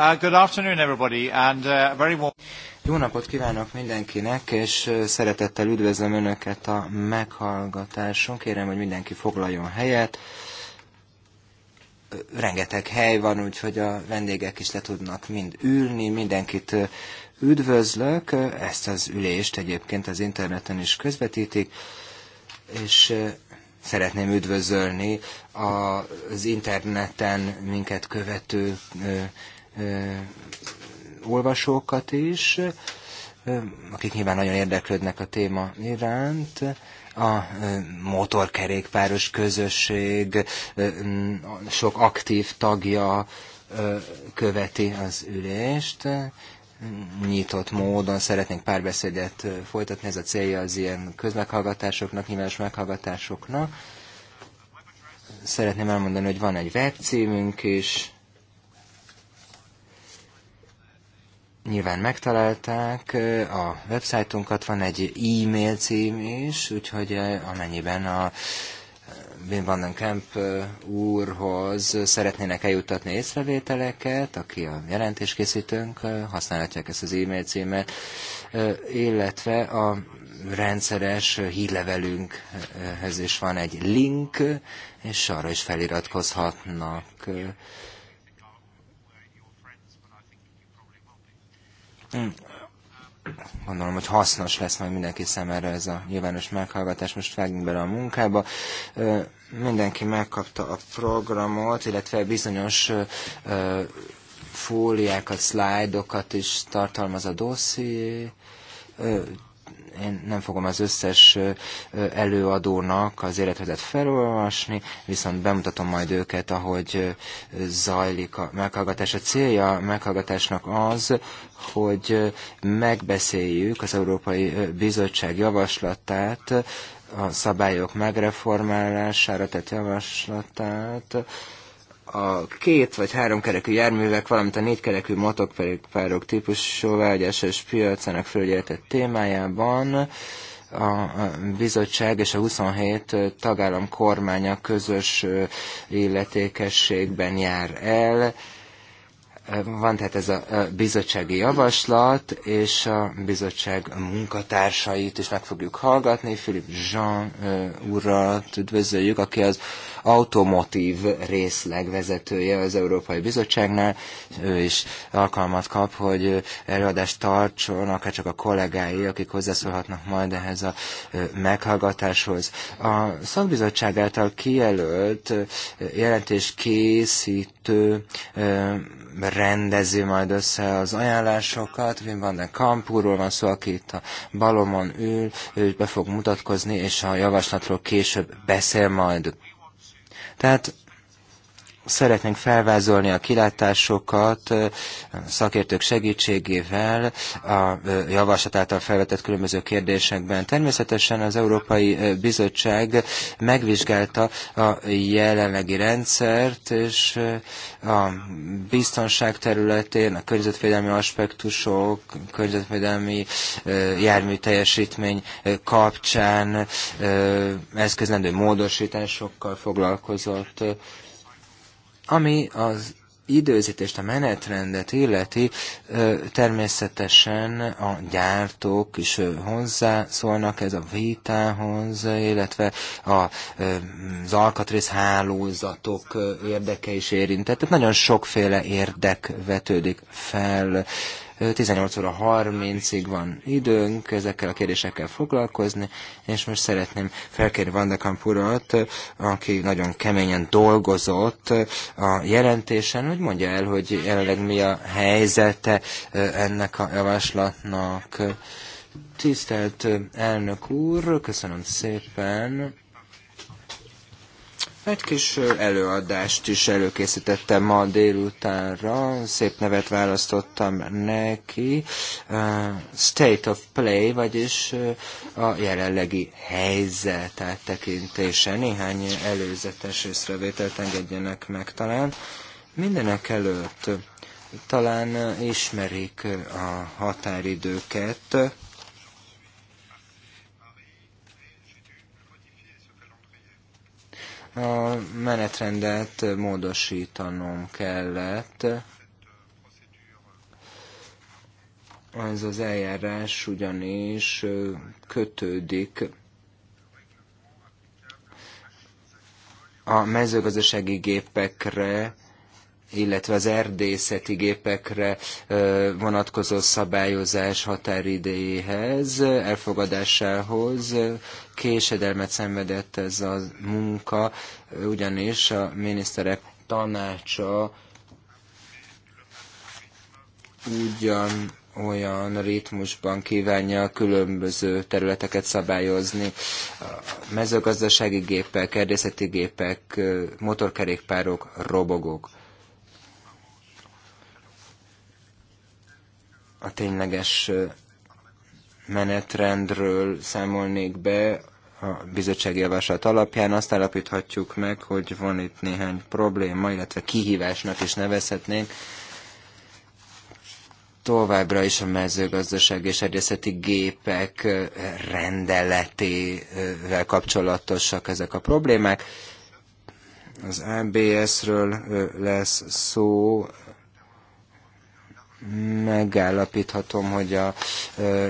Uh, good afternoon everybody, and uh, very warm... Jó napot kívánok mindenkinek, és uh, szeretettel üdvözlöm Önöket a meghallgatáson. Kérem, hogy mindenki foglaljon helyet. Rengeteg hely van, úgyhogy a vendégek is le tudnak mind ülni. Mindenkit üdvözlök. Ezt az ülést egyébként az interneten is közvetítik, és szeretném üdvözölni az interneten minket követő olvasókat is, akik nyilván nagyon érdeklődnek a téma iránt, a motorkerékpáros közösség sok aktív tagja követi az ülést, nyitott módon szeretnénk párbeszédet folytatni, ez a célja az ilyen közmeghallgatásoknak, nyilvános meghallgatásoknak. Szeretném elmondani, hogy van egy webcímünk is, nyilván megtalálták, a websájtunkat van egy e-mail cím is, úgyhogy amennyiben a Wim van den Kemp úrhoz szeretnének eljuttatni észrevételeket, aki a jelentéskészítőnk, használhatják ezt az e-mail címet, illetve a rendszeres hírlevelünkhez is van egy link, és arra is feliratkozhatnak Hmm. gondolom, hogy hasznos lesz majd mindenki számára ez a nyilvános meghallgatás. Most vágjunk bele a munkába. Mindenki megkapta a programot, illetve bizonyos fóliákat, szlájdokat is tartalmaz a dosszié én nem fogom az összes előadónak az életvetet felolvasni, viszont bemutatom majd őket, ahogy zajlik a meghallgatás. A célja a meghallgatásnak az, hogy megbeszéljük az Európai Bizottság javaslatát, a szabályok megreformálására tett javaslatát, a két vagy három kerekű járművek, valamint a négy kerekű motokpárok típusú egy és piacának felügyeletet témájában a bizottság és a 27 tagállam kormánya közös illetékességben jár el. Van tehát ez a bizottsági javaslat, és a bizottság munkatársait is meg fogjuk hallgatni. Filip Jean urat üdvözöljük, aki az automotív részleg vezetője az Európai Bizottságnál, ő is alkalmat kap, hogy előadást tartson, akár csak a kollégái, akik hozzászólhatnak majd ehhez a meghallgatáshoz. A szakbizottság által kijelölt készítő rendezi majd össze az ajánlásokat. Wim van den Kampúról van szó, aki itt a balomon ül, ő be fog mutatkozni, és a javaslatról később beszél majd. Tehát szeretnénk felvázolni a kilátásokat szakértők segítségével a javaslat által felvetett különböző kérdésekben. Természetesen az Európai Bizottság megvizsgálta a jelenlegi rendszert, és a biztonság területén a környezetvédelmi aspektusok, környezetvédelmi jármű teljesítmény kapcsán eszközlendő módosításokkal foglalkozott ami az időzítést, a menetrendet illeti, természetesen a gyártók is hozzászólnak ez a vitához, illetve az alkatrész hálózatok érdeke is érintett. Tehát nagyon sokféle érdek vetődik fel 18 óra 30-ig van időnk ezekkel a kérdésekkel foglalkozni, és most szeretném felkérni Vandekamp urat, aki nagyon keményen dolgozott a jelentésen, hogy mondja el, hogy jelenleg mi a helyzete ennek a javaslatnak. Tisztelt elnök úr, köszönöm szépen. Egy kis előadást is előkészítettem ma délutánra, szép nevet választottam neki, State of Play, vagyis a jelenlegi helyzet áttekintése. Néhány előzetes észrevételt engedjenek meg talán. Mindenek előtt talán ismerik a határidőket, A menetrendet módosítanom kellett. Ez az eljárás ugyanis kötődik a mezőgazdasági gépekre illetve az erdészeti gépekre vonatkozó szabályozás határidejéhez, elfogadásához késedelmet szenvedett ez a munka, ugyanis a miniszterek tanácsa ugyan olyan ritmusban kívánja a különböző területeket szabályozni. A mezőgazdasági gépek, erdészeti gépek, motorkerékpárok, robogók. a tényleges menetrendről számolnék be a bizottság javaslat alapján. Azt állapíthatjuk meg, hogy van itt néhány probléma, illetve kihívásnak is nevezhetnénk. Továbbra is a mezőgazdaság és egyeszeti gépek rendeletével kapcsolatosak ezek a problémák. Az ABS-ről lesz szó, megállapíthatom, hogy a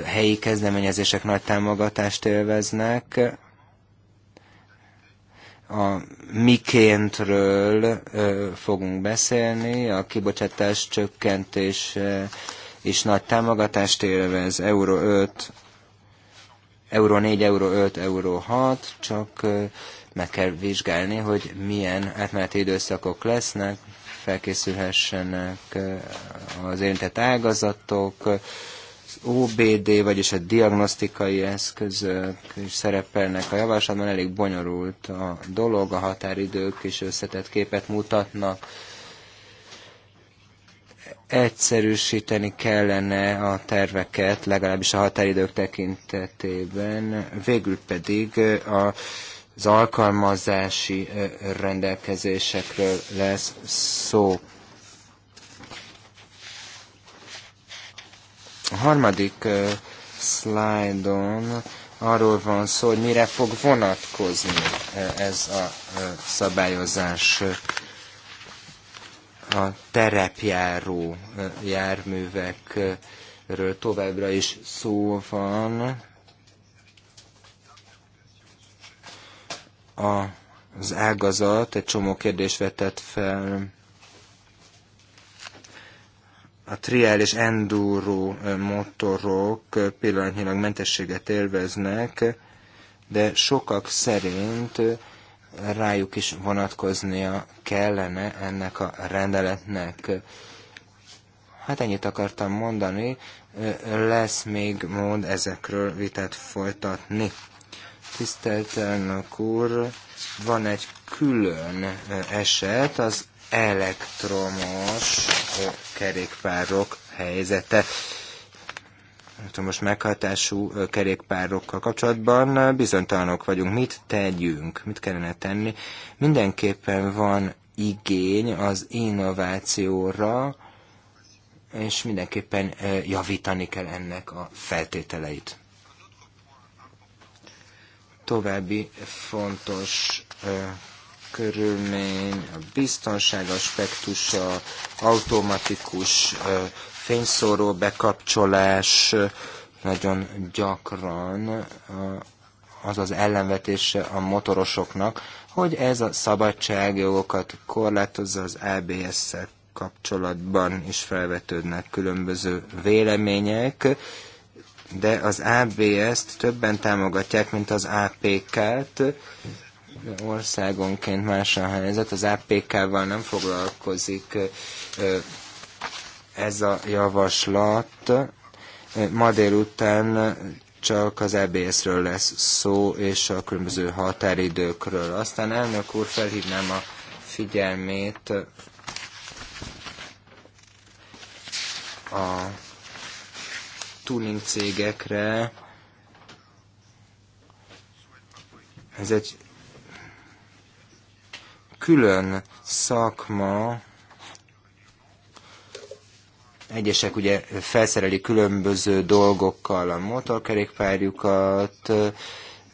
helyi kezdeményezések nagy támogatást élveznek. A mikéntről fogunk beszélni, a kibocsátás csökkentés is nagy támogatást élvez, euró 5, euró 4, euró 5, euró 6, csak meg kell vizsgálni, hogy milyen átmeneti időszakok lesznek, felkészülhessenek eh, az érintett ágazatok, az OBD, vagyis a diagnosztikai eszközök is szerepelnek a javaslatban, elég bonyolult a dolog, a határidők is összetett képet mutatnak egyszerűsíteni kellene a terveket, legalábbis a határidők tekintetében, végül pedig eh, a az alkalmazási rendelkezésekről lesz szó. A harmadik szlájdon arról van szó, hogy mire fog vonatkozni ez a szabályozás a terepjáró járművekről továbbra is szó van, az ágazat egy csomó kérdést vetett fel a triál és enduro motorok pillanatnyilag mentességet élveznek, de sokak szerint rájuk is vonatkoznia kellene ennek a rendeletnek. Hát ennyit akartam mondani, lesz még mód ezekről vitát folytatni. Tisztelt elnök úr, van egy külön eset, az elektromos kerékpárok helyzete most meghatású kerékpárokkal kapcsolatban bizonytalanok vagyunk. Mit tegyünk? Mit kellene tenni? Mindenképpen van igény az innovációra, és mindenképpen javítani kell ennek a feltételeit. További fontos körülmény, a biztonság aspektusa, automatikus fényszóró bekapcsolás nagyon gyakran az az ellenvetése a motorosoknak, hogy ez a szabadságjogokat korlátozza az ABS-szel kapcsolatban is felvetődnek különböző vélemények, de az ABS-t többen támogatják, mint az APK-t. Országonként más a helyzet, az APK-val nem foglalkozik ez a javaslat. Ma délután csak az EBS-ről lesz szó, és a különböző határidőkről. Aztán elnök úr felhívnám a figyelmét a tuning cégekre. Ez egy külön szakma, egyesek ugye felszereli különböző dolgokkal a motorkerékpárjukat,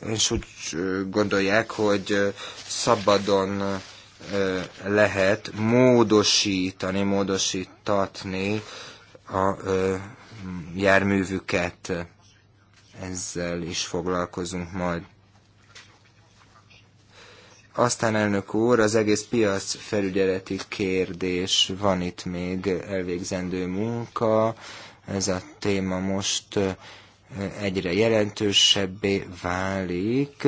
és úgy gondolják, hogy szabadon lehet módosítani, módosítatni a járművüket, ezzel is foglalkozunk majd. Aztán elnök úr, az egész piac felügyeleti kérdés, van itt még elvégzendő munka, ez a téma most egyre jelentősebbé válik.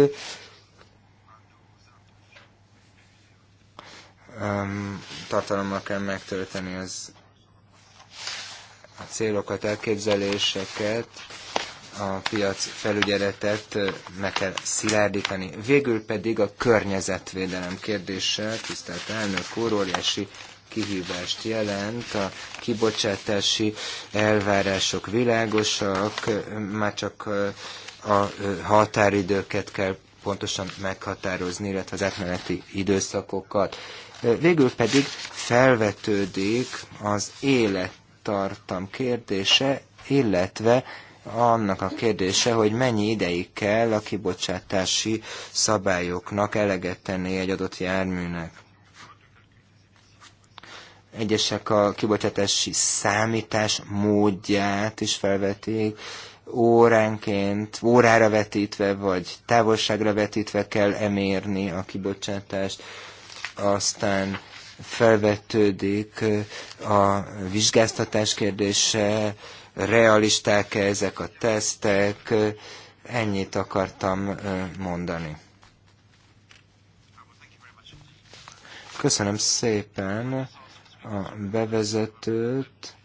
tartalommal kell megtölteni az a célokat, elképzeléseket, a piac felügyeletet meg kell szilárdítani. Végül pedig a környezetvédelem kérdése, tisztelt elnök úr, óriási kihívást jelent, a kibocsátási elvárások világosak, már csak a határidőket kell pontosan meghatározni, illetve az átmeneti időszakokat. Végül pedig felvetődik az élet tartam kérdése, illetve annak a kérdése, hogy mennyi ideig kell a kibocsátási szabályoknak eleget tenni egy adott járműnek. Egyesek a kibocsátási számítás módját is felvetik, óránként, órára vetítve, vagy távolságra vetítve kell emérni a kibocsátást, aztán felvetődik a vizsgáztatás kérdése, realisták-e ezek a tesztek, ennyit akartam mondani. Köszönöm szépen a bevezetőt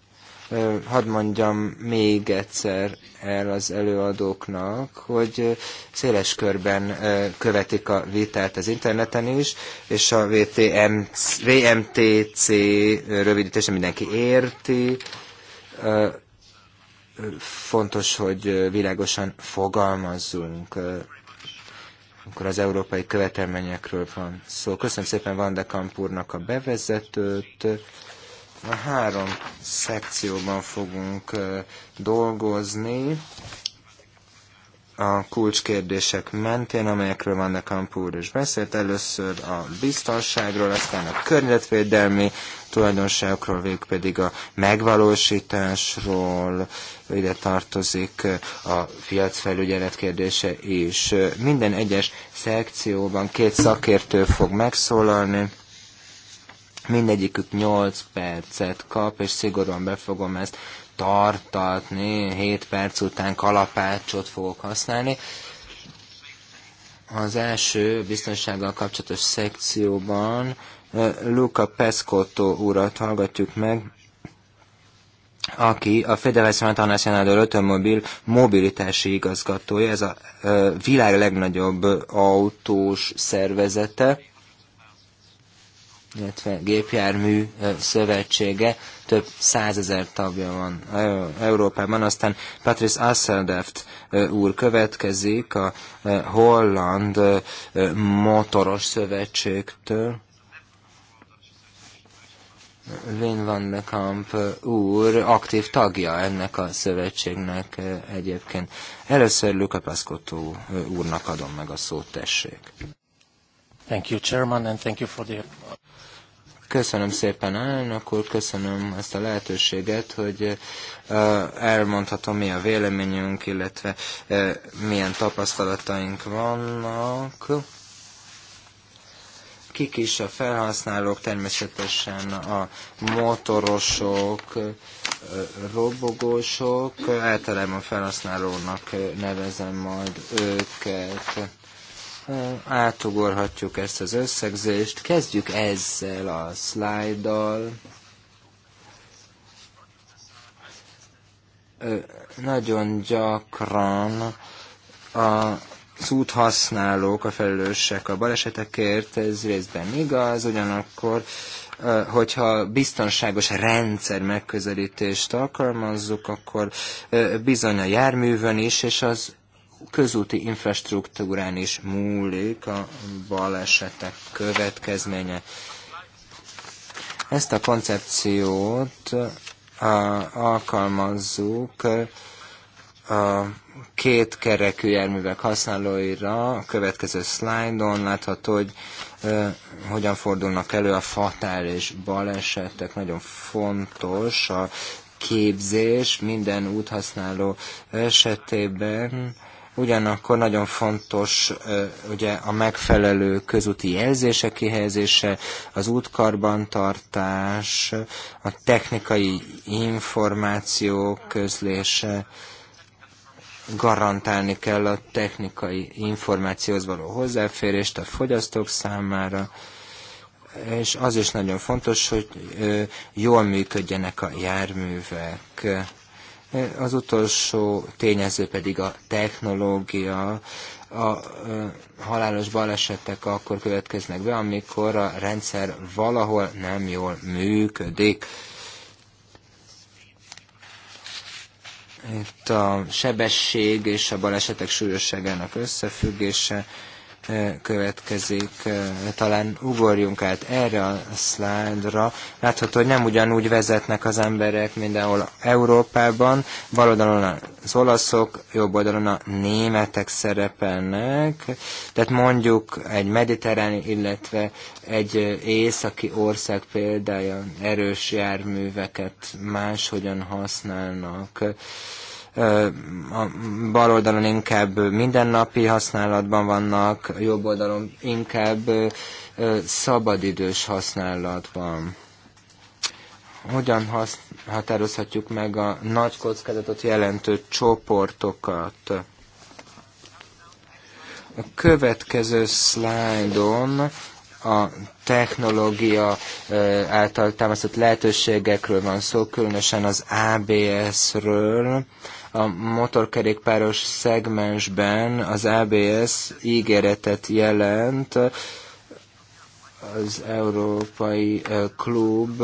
hadd mondjam még egyszer el az előadóknak, hogy széles körben követik a vitát az interneten is, és a VTM, VMTC rövidítése mindenki érti. Fontos, hogy világosan fogalmazzunk amikor az európai követelményekről van szó. Köszönöm szépen Van de Kampurnak a bevezetőt. Három szekcióban fogunk dolgozni a kulcskérdések mentén, amelyekről Van a úr is beszélt. Először a biztonságról, aztán a környezetvédelmi tulajdonságokról, végül pedig a megvalósításról, ide tartozik a piacfelügyelet kérdése is. Minden egyes szekcióban két szakértő fog megszólalni, Mindegyikük 8 percet kap, és szigorúan be fogom ezt tartatni, 7 perc után kalapácsot fogok használni. Az első biztonsággal kapcsolatos szekcióban Luca Pescotto urat hallgatjuk meg, aki a Federación Internacional Automobil mobilitási igazgatója, ez a világ legnagyobb autós szervezete illetve gépjármű szövetsége, több százezer tagja van Európában. Aztán Patrice Asseldeft úr következik a holland motoros szövetségtől. Wim van de Kamp úr aktív tagja ennek a szövetségnek egyébként. Először Luca Pascotto úrnak adom meg a szót, tessék. Thank you, Chairman, and thank you for the... Köszönöm szépen, elnök úr, köszönöm ezt a lehetőséget, hogy elmondhatom, mi a véleményünk, illetve milyen tapasztalataink vannak kik is a felhasználók, természetesen a motorosok, robogósok, általában felhasználónak nevezem majd őket átugorhatjuk ezt az összegzést. Kezdjük ezzel a szlájddal. Nagyon gyakran a úthasználók a felelősek a balesetekért, ez részben igaz, ugyanakkor hogyha biztonságos rendszer megközelítést alkalmazzuk, akkor bizony a járművön is, és az közúti infrastruktúrán is múlik a balesetek következménye. Ezt a koncepciót a, alkalmazzuk a két kerekű járművek használóira. A következő szlájdon látható, hogy e, hogyan fordulnak elő a és balesetek. Nagyon fontos a képzés minden úthasználó esetében Ugyanakkor nagyon fontos ugye a megfelelő közúti jelzések kihelyezése, az útkarbantartás, a technikai információk közlése, garantálni kell a technikai információhoz való hozzáférést a fogyasztók számára, és az is nagyon fontos, hogy jól működjenek a járművek az utolsó tényező pedig a technológia, a halálos balesetek akkor következnek be, amikor a rendszer valahol nem jól működik. Itt a sebesség és a balesetek súlyosságának összefüggése E, következik. E, talán ugorjunk át erre a szlájdra. Látható, hogy nem ugyanúgy vezetnek az emberek mindenhol Európában. Bal oldalon az olaszok, jobb oldalon a németek szerepelnek. Tehát mondjuk egy mediterráni illetve egy északi ország példája erős járműveket máshogyan használnak a bal oldalon inkább mindennapi használatban vannak, a jobb oldalon inkább szabadidős használatban. Hogyan határozhatjuk meg a nagy kockázatot jelentő csoportokat? A következő szlájdon a technológia által támasztott lehetőségekről van szó, különösen az ABS-ről. A motorkerékpáros szegmensben az ABS ígéretet jelent az Európai Klub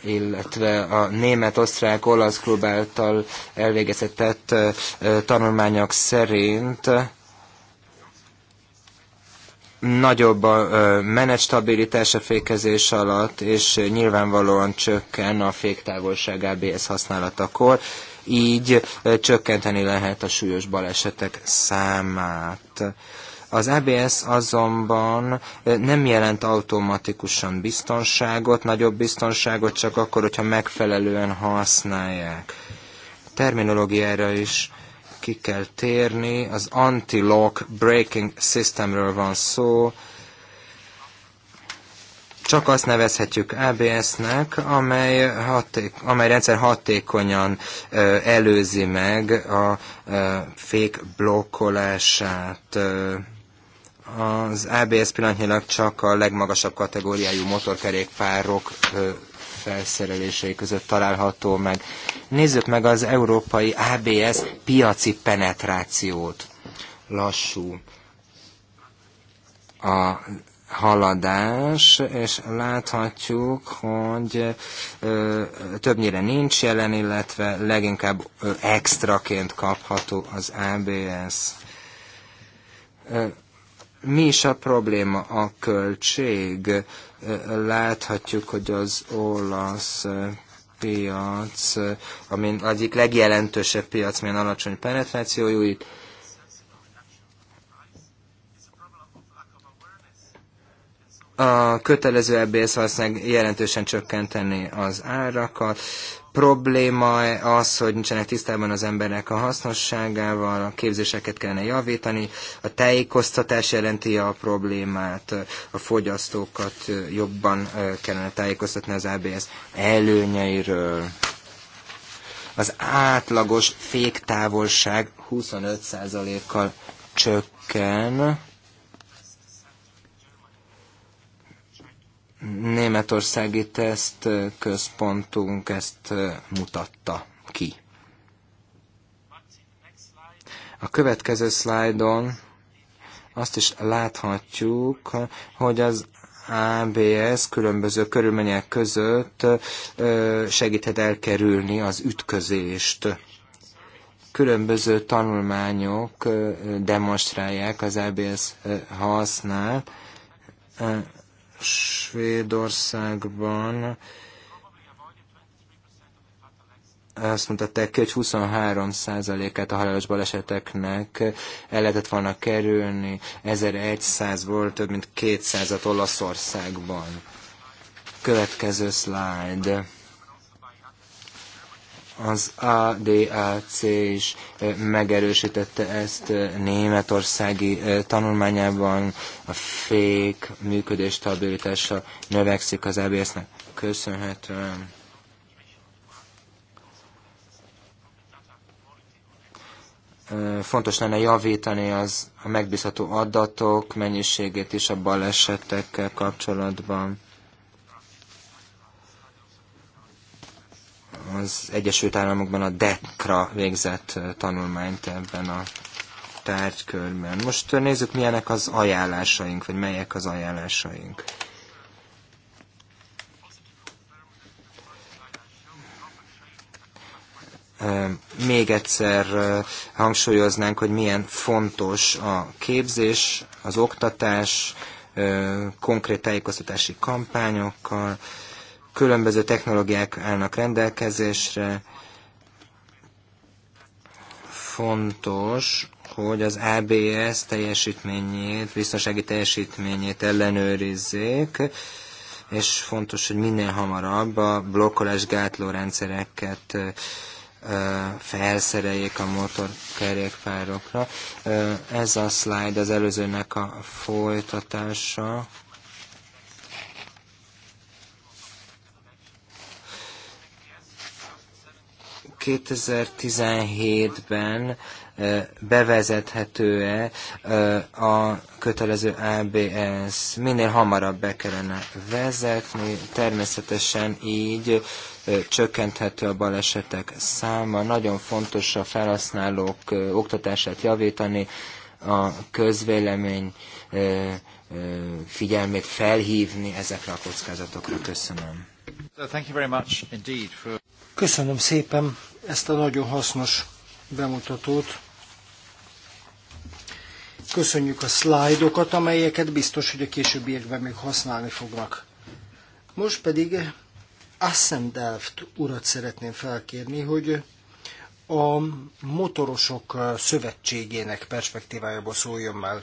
illetve a német-osztrák-olasz klub által elvégezett tanulmányok szerint nagyobb a a fékezés alatt, és nyilvánvalóan csökken a féktávolság ABS használatakor így csökkenteni lehet a súlyos balesetek számát. Az ABS azonban nem jelent automatikusan biztonságot, nagyobb biztonságot csak akkor, hogyha megfelelően használják. Terminológiára is ki kell térni, az anti-lock braking systemről van szó, csak azt nevezhetjük ABS-nek, amely, haték, amely rendszer hatékonyan előzi meg a fék blokkolását. Az ABS pillanatnyilag csak a legmagasabb kategóriájú motorkerékpárok felszerelései között található meg. Nézzük meg az európai ABS piaci penetrációt. Lassú. A haladás, és láthatjuk, hogy többnyire nincs jelen, illetve leginkább extraként kapható az ABS. Mi is a probléma? A költség. Láthatjuk, hogy az olasz piac, amin egyik legjelentősebb piac, milyen alacsony penetrációjú, itt a kötelező EBS valószínűleg jelentősen csökkenteni az árakat. Probléma az, hogy nincsenek tisztában az emberek a hasznosságával, a képzéseket kellene javítani, a tájékoztatás jelenti a problémát, a fogyasztókat jobban kellene tájékoztatni az ABS e előnyeiről. Az átlagos féktávolság 25%-kal csökken németországi teszt központunk ezt mutatta ki. A következő szlájdon azt is láthatjuk, hogy az ABS különböző körülmények között segíthet elkerülni az ütközést. Különböző tanulmányok demonstrálják az ABS használ Svédországban azt mutatták ki, hogy 23%-át a halálos baleseteknek el lehetett volna kerülni, 1100 volt, több mint 200-at Olaszországban. Következő slide. Az ADAC is megerősítette ezt németországi tanulmányában. A fék működés stabilitása növekszik az ABS-nek köszönhetően. fontos lenne javítani az a megbízható adatok mennyiségét is a balesetekkel kapcsolatban. az Egyesült Államokban a DECRA végzett tanulmányt ebben a tárgykörben. Most nézzük, milyenek az ajánlásaink, vagy melyek az ajánlásaink. Még egyszer hangsúlyoznánk, hogy milyen fontos a képzés, az oktatás, konkrét tájékoztatási kampányokkal, Különböző technológiák állnak rendelkezésre. Fontos, hogy az ABS teljesítményét, biztonsági teljesítményét ellenőrizzék, és fontos, hogy minél hamarabb a blokkolás gátló rendszereket felszereljék a motorkerékpárokra. Ez a slide az előzőnek a folytatása. 2017-ben bevezethető-e a kötelező ABS. Minél hamarabb be kellene vezetni, természetesen így csökkenthető a balesetek száma. Nagyon fontos a felhasználók oktatását javítani, a közvélemény figyelmét felhívni ezekre a kockázatokra. Köszönöm. Köszönöm szépen ezt a nagyon hasznos bemutatót. Köszönjük a szlájdokat, amelyeket biztos, hogy a későbbiekben még használni fognak. Most pedig Assendelft urat szeretném felkérni, hogy a motorosok szövetségének perspektívájából szóljon már,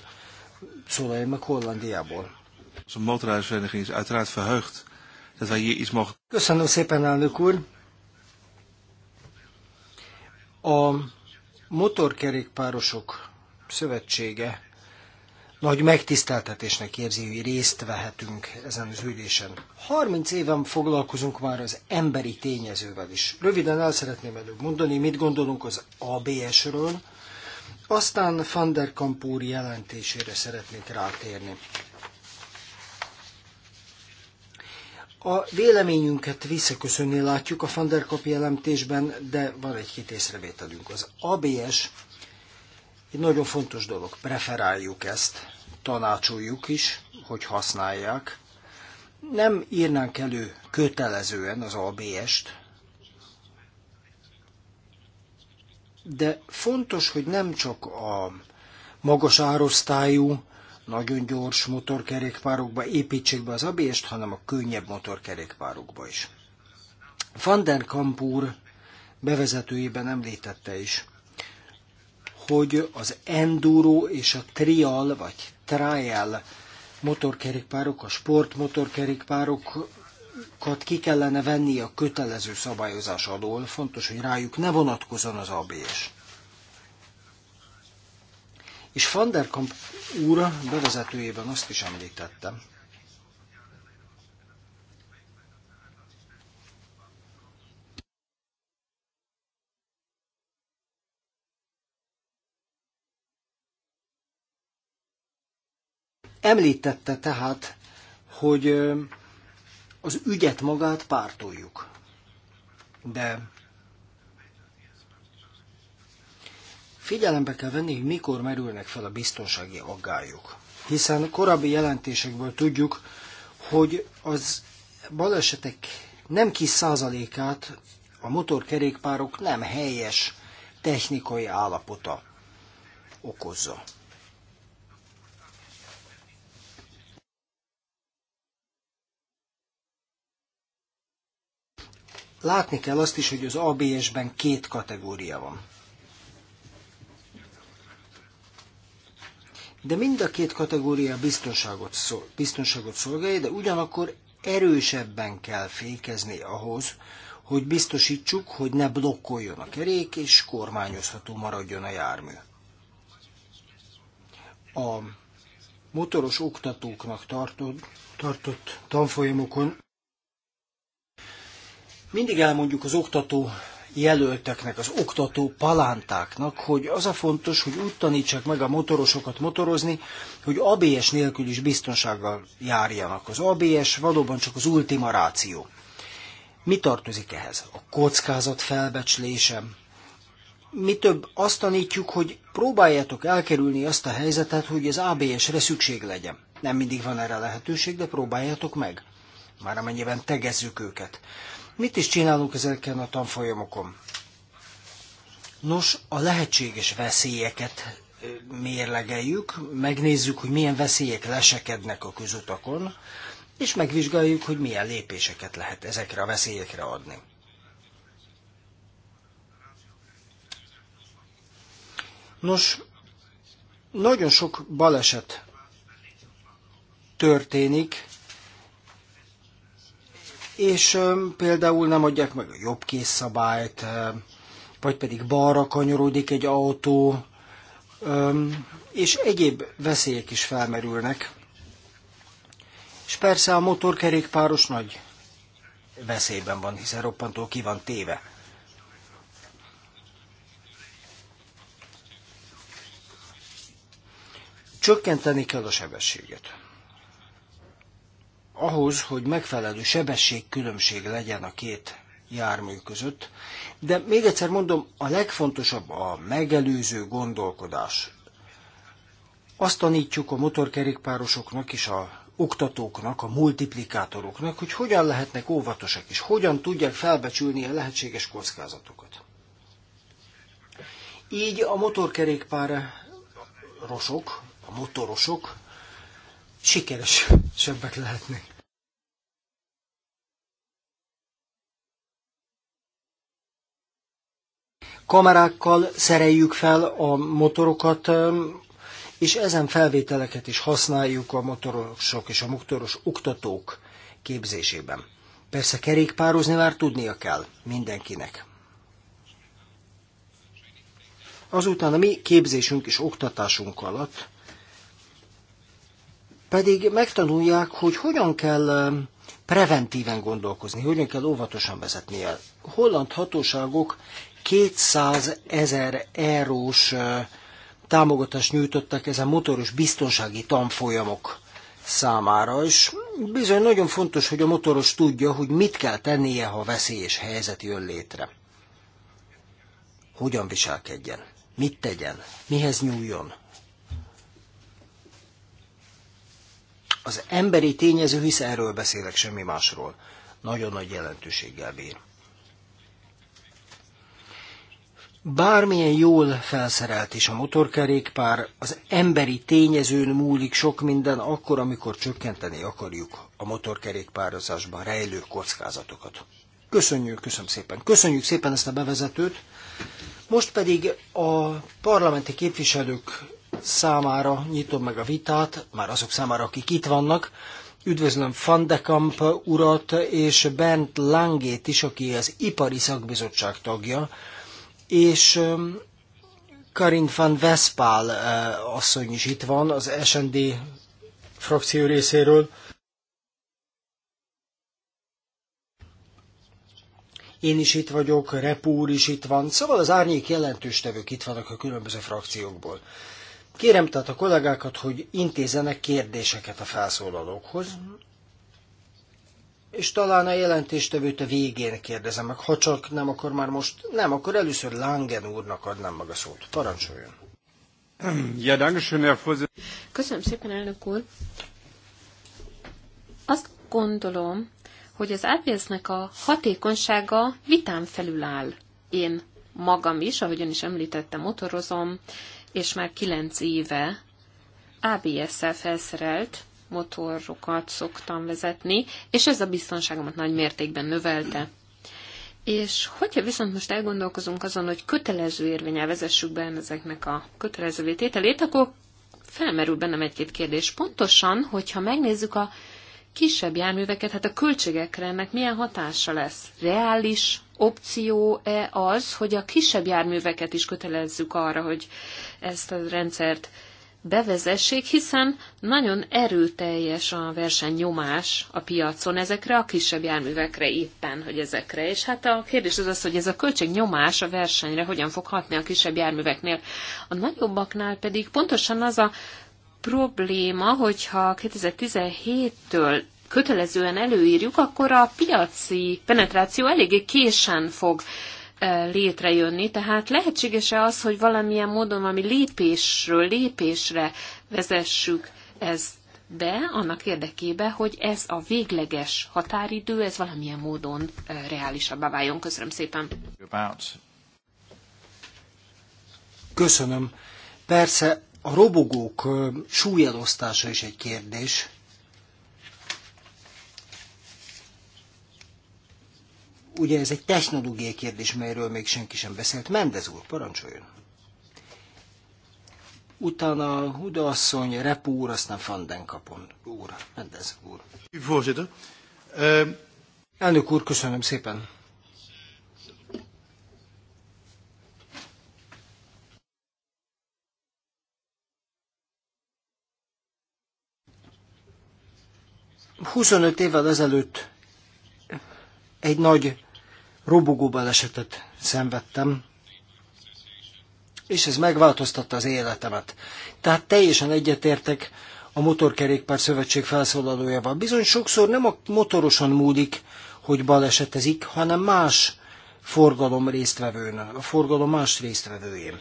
szólaljon meg Hollandiából. Onze motorhuisvereniging is uiteraard verheugd dat wij hier iets mogen... Köszönöm szépen, elnök úr! A motorkerékpárosok szövetsége nagy megtiszteltetésnek érzi, hogy részt vehetünk ezen az ülésen. 30 éven foglalkozunk már az emberi tényezővel is. Röviden el szeretném előbb mondani, mit gondolunk az ABS-ről, aztán Van der úr jelentésére szeretnék rátérni. A véleményünket visszaköszönni látjuk a van der Kopp jelentésben, de van egy-két észrevételünk. Az ABS egy nagyon fontos dolog, preferáljuk ezt, tanácsoljuk is, hogy használják. Nem írnánk elő kötelezően az ABS-t, de fontos, hogy nem csak a magas árosztályú nagyon gyors motorkerékpárokba építsék be az abést, hanem a könnyebb motorkerékpárokba is. Van der Kamp úr bevezetőjében említette is, hogy az enduro és a trial vagy trial motorkerékpárok, a sportmotorkerékpárokat ki kellene venni a kötelező szabályozás alól. Fontos, hogy rájuk ne vonatkozon az ABS. És Van der Kamp úr bevezetőjében azt is említettem, Említette tehát, hogy az ügyet magát pártoljuk. De Figyelembe kell venni, hogy mikor merülnek fel a biztonsági aggályok. Hiszen korábbi jelentésekből tudjuk, hogy az balesetek nem kis százalékát a motorkerékpárok nem helyes technikai állapota okozza. Látni kell azt is, hogy az ABS-ben két kategória van. De mind a két kategória biztonságot, szol, biztonságot szolgálja, de ugyanakkor erősebben kell fékezni ahhoz, hogy biztosítsuk, hogy ne blokkoljon a kerék, és kormányozható maradjon a jármű. A motoros oktatóknak tartott, tartott tanfolyamokon mindig elmondjuk az oktató jelölteknek, az oktató palántáknak, hogy az a fontos, hogy úgy tanítsák meg a motorosokat motorozni, hogy ABS nélkül is biztonsággal járjanak. Az ABS valóban csak az ultima ráció. Mi tartozik ehhez? A kockázat felbecslése. Mi több azt tanítjuk, hogy próbáljátok elkerülni azt a helyzetet, hogy az ABS-re szükség legyen. Nem mindig van erre lehetőség, de próbáljátok meg. Már amennyiben tegezzük őket. Mit is csinálunk ezeken a tanfolyamokon? Nos, a lehetséges veszélyeket mérlegeljük, megnézzük, hogy milyen veszélyek lesekednek a közutakon, és megvizsgáljuk, hogy milyen lépéseket lehet ezekre a veszélyekre adni. Nos, nagyon sok baleset történik, és például nem adják meg a jobb szabályt, vagy pedig balra kanyarodik egy autó, és egyéb veszélyek is felmerülnek. És persze a motorkerékpáros nagy veszélyben van, hiszen roppantól ki van téve. Csökkenteni kell a sebességet ahhoz, hogy megfelelő sebességkülönbség legyen a két jármű között. De még egyszer mondom, a legfontosabb a megelőző gondolkodás. Azt tanítjuk a motorkerékpárosoknak és a oktatóknak, a multiplikátoroknak, hogy hogyan lehetnek óvatosak, és hogyan tudják felbecsülni a lehetséges kockázatokat. Így a motorkerékpár rosok, a motorosok sikeresebbek lehetnek. Kamerákkal szereljük fel a motorokat, és ezen felvételeket is használjuk a motorosok és a motoros oktatók képzésében. Persze kerékpározni már tudnia kell mindenkinek. Azután a mi képzésünk és oktatásunk alatt pedig megtanulják, hogy hogyan kell um, preventíven gondolkozni, hogyan kell óvatosan vezetni el. A holland hatóságok 200 ezer eurós uh, támogatást nyújtottak ezen motoros biztonsági tanfolyamok számára, és bizony nagyon fontos, hogy a motoros tudja, hogy mit kell tennie, ha veszélyes helyzet jön létre. Hogyan viselkedjen? Mit tegyen? Mihez nyúljon? Az emberi tényező, hisz erről beszélek, semmi másról, nagyon nagy jelentőséggel bír. Bármilyen jól felszerelt is a motorkerékpár, az emberi tényezőn múlik sok minden akkor, amikor csökkenteni akarjuk a motorkerékpározásban rejlő kockázatokat. Köszönjük, köszönöm szépen. Köszönjük szépen ezt a bevezetőt. Most pedig a parlamenti képviselők számára nyitom meg a vitát, már azok számára, akik itt vannak. Üdvözlöm Van de Kamp urat és Bent Langét is, aki az Ipari Szakbizottság tagja, és um, Karin van Veszpál uh, asszony is itt van az SND frakció részéről. Én is itt vagyok, Repúr is itt van, szóval az árnyék jelentős tevők itt vannak a különböző frakciókból. Kérem tehát a kollégákat, hogy intézenek kérdéseket a felszólalókhoz, és talán a jelentéstevőt a végén kérdezem meg, ha csak nem, akkor már most nem, akkor először Langen úrnak adnám meg a szót. Parancsoljon! Ja, dankeschön, Herr Köszönöm szépen, elnök úr! Azt gondolom, hogy az ABS-nek a hatékonysága vitán felül áll. Én magam is, ahogy is említettem, motorozom, és már kilenc éve ABS-szel felszerelt motorokat szoktam vezetni, és ez a biztonságomat nagy mértékben növelte. És hogyha viszont most elgondolkozunk azon, hogy kötelező érvényel vezessük be ezeknek a kötelező tételét, akkor felmerül bennem egy-két kérdés. Pontosan, hogyha megnézzük a kisebb járműveket, hát a költségekre ennek milyen hatása lesz? Reális opció-e az, hogy a kisebb járműveket is kötelezzük arra, hogy ezt a rendszert bevezessék, hiszen nagyon erőteljes a versenynyomás a piacon ezekre a kisebb járművekre éppen, hogy ezekre. És hát a kérdés az az, hogy ez a költségnyomás a versenyre hogyan fog hatni a kisebb járműveknél. A nagyobbaknál pedig pontosan az a probléma, hogyha 2017-től kötelezően előírjuk, akkor a piaci penetráció eléggé késen fog e, létrejönni, tehát lehetséges-e az, hogy valamilyen módon, ami lépésről lépésre vezessük ezt be, annak érdekébe, hogy ez a végleges határidő, ez valamilyen módon e, reálisabbá váljon. Köszönöm szépen. Köszönöm. Persze a robogók súlyelosztása is egy kérdés. Ugye ez egy technológiai kérdés, melyről még senki sem beszélt. Mendez úr, parancsoljon! Utána Huda asszony, Repú úr, aztán Fandenkapon úr, Mendez úr. Ehm, Elnök úr, köszönöm szépen. 25 évvel ezelőtt egy nagy robogó balesetet szenvedtem, és ez megváltoztatta az életemet. Tehát teljesen egyetértek a Motorkerékpár Szövetség felszólalójával. Bizony sokszor nem a motorosan múlik, hogy balesetezik, hanem más forgalom résztvevőn, a forgalom más résztvevőjén.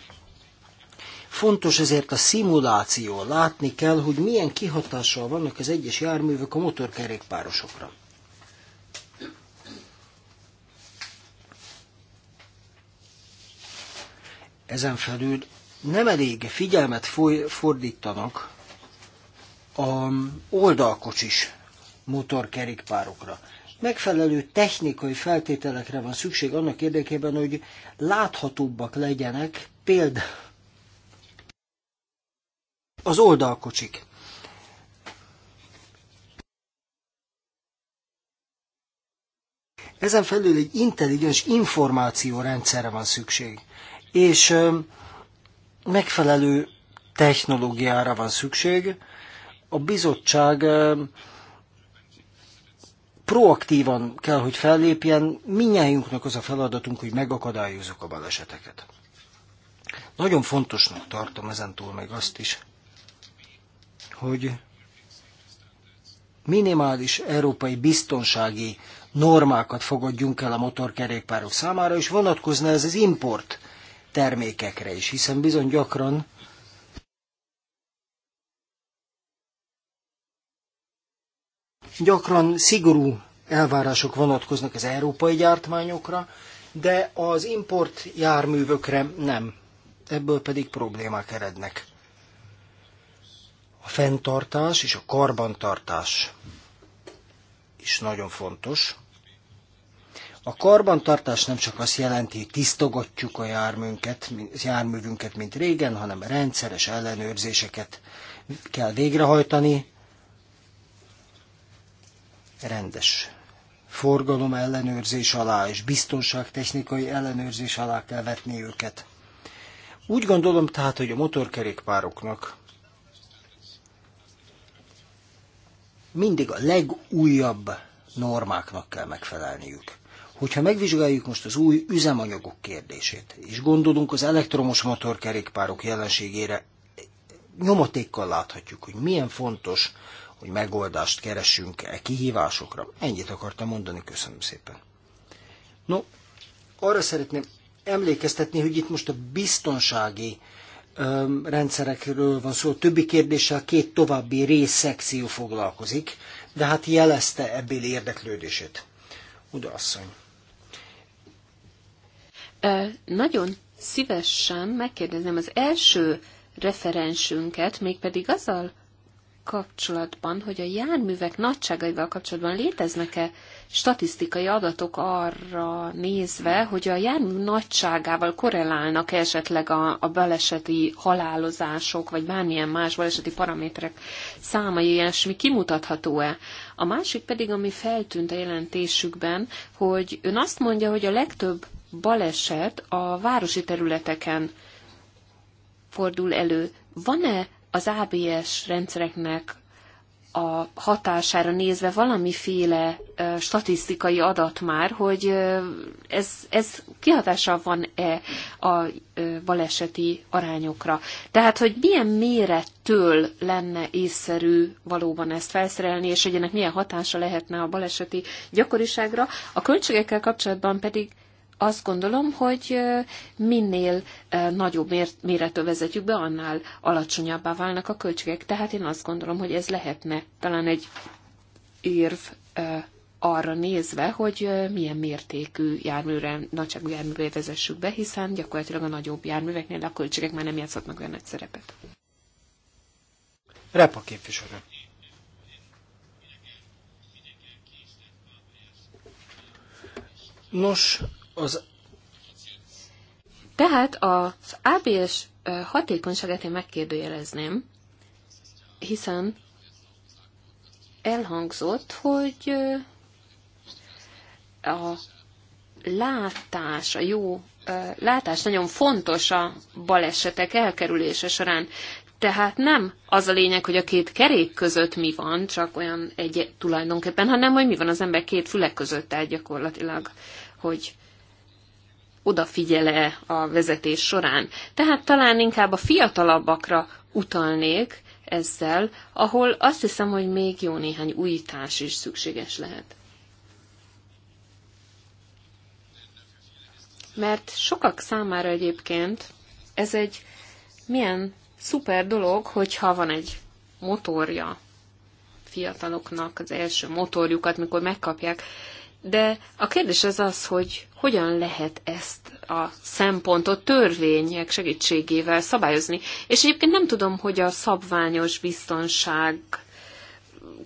Fontos ezért a szimuláció, látni kell, hogy milyen kihatással vannak az egyes járművek a motorkerékpárosokra. Ezen felül nem elég figyelmet fordítanak a oldalkocsis motorkerékpárokra. Megfelelő technikai feltételekre van szükség annak érdekében, hogy láthatóbbak legyenek, például az oldalkocsik. Ezen felül egy intelligens információrendszerre van szükség, és megfelelő technológiára van szükség. A bizottság proaktívan kell, hogy fellépjen, minnyájunknak az a feladatunk, hogy megakadályozzuk a baleseteket. Nagyon fontosnak tartom ezen túl meg azt is, hogy minimális európai biztonsági normákat fogadjunk el a motorkerékpárok számára, és vonatkozna ez az import termékekre is, hiszen bizony gyakran gyakran szigorú elvárások vonatkoznak az európai gyártmányokra, de az import járművökre nem. Ebből pedig problémák erednek fenntartás és a karbantartás is nagyon fontos. A karbantartás nem csak azt jelenti, hogy tisztogatjuk a járműnket, járművünket, mint régen, hanem rendszeres ellenőrzéseket kell végrehajtani, rendes forgalom ellenőrzés alá és biztonságtechnikai ellenőrzés alá kell vetni őket. Úgy gondolom tehát, hogy a motorkerékpároknak mindig a legújabb normáknak kell megfelelniük. Hogyha megvizsgáljuk most az új üzemanyagok kérdését, és gondolunk az elektromos motorkerékpárok jelenségére, nyomatékkal láthatjuk, hogy milyen fontos, hogy megoldást keressünk e kihívásokra. Ennyit akartam mondani, köszönöm szépen. No, arra szeretném emlékeztetni, hogy itt most a biztonsági rendszerekről van szó. A többi kérdéssel két további részszekció foglalkozik, de hát jelezte ebből érdeklődését. Uda asszony. Nagyon szívesen megkérdezem az első referensünket, mégpedig azzal kapcsolatban, hogy a járművek nagyságaival kapcsolatban léteznek-e statisztikai adatok arra nézve, hogy a jármű nagyságával korrelálnak -e esetleg a, a baleseti halálozások, vagy bármilyen más baleseti paraméterek száma, ilyesmi kimutatható-e? A másik pedig, ami feltűnt a jelentésükben, hogy ön azt mondja, hogy a legtöbb baleset a városi területeken fordul elő. Van-e az ABS rendszereknek a hatására nézve valamiféle statisztikai adat már, hogy ez, ez kihatással van-e a baleseti arányokra. Tehát, hogy milyen mérettől lenne észszerű valóban ezt felszerelni, és hogy ennek milyen hatása lehetne a baleseti gyakoriságra. A költségekkel kapcsolatban pedig azt gondolom, hogy minél nagyobb méretű vezetjük be, annál alacsonyabbá válnak a költségek. Tehát én azt gondolom, hogy ez lehetne talán egy érv arra nézve, hogy milyen mértékű járműre, nagyságú járművé vezessük be, hiszen gyakorlatilag a nagyobb járműveknél a költségek már nem játszhatnak olyan nagy szerepet. Repa képviselő. Nos, az tehát az ABS hatékonyságát én megkérdőjelezném, hiszen elhangzott, hogy a látás, a jó látás nagyon fontos a balesetek elkerülése során. Tehát nem az a lényeg, hogy a két kerék között mi van, csak olyan egy tulajdonképpen, hanem hogy mi van az ember két fülek között, tehát gyakorlatilag, hogy odafigyele a vezetés során. Tehát talán inkább a fiatalabbakra utalnék ezzel, ahol azt hiszem, hogy még jó néhány újítás is szükséges lehet. Mert sokak számára egyébként ez egy milyen szuper dolog, hogyha van egy motorja fiataloknak az első motorjukat, mikor megkapják. De a kérdés az az, hogy hogyan lehet ezt a szempontot törvények segítségével szabályozni. És egyébként nem tudom, hogy a szabványos biztonság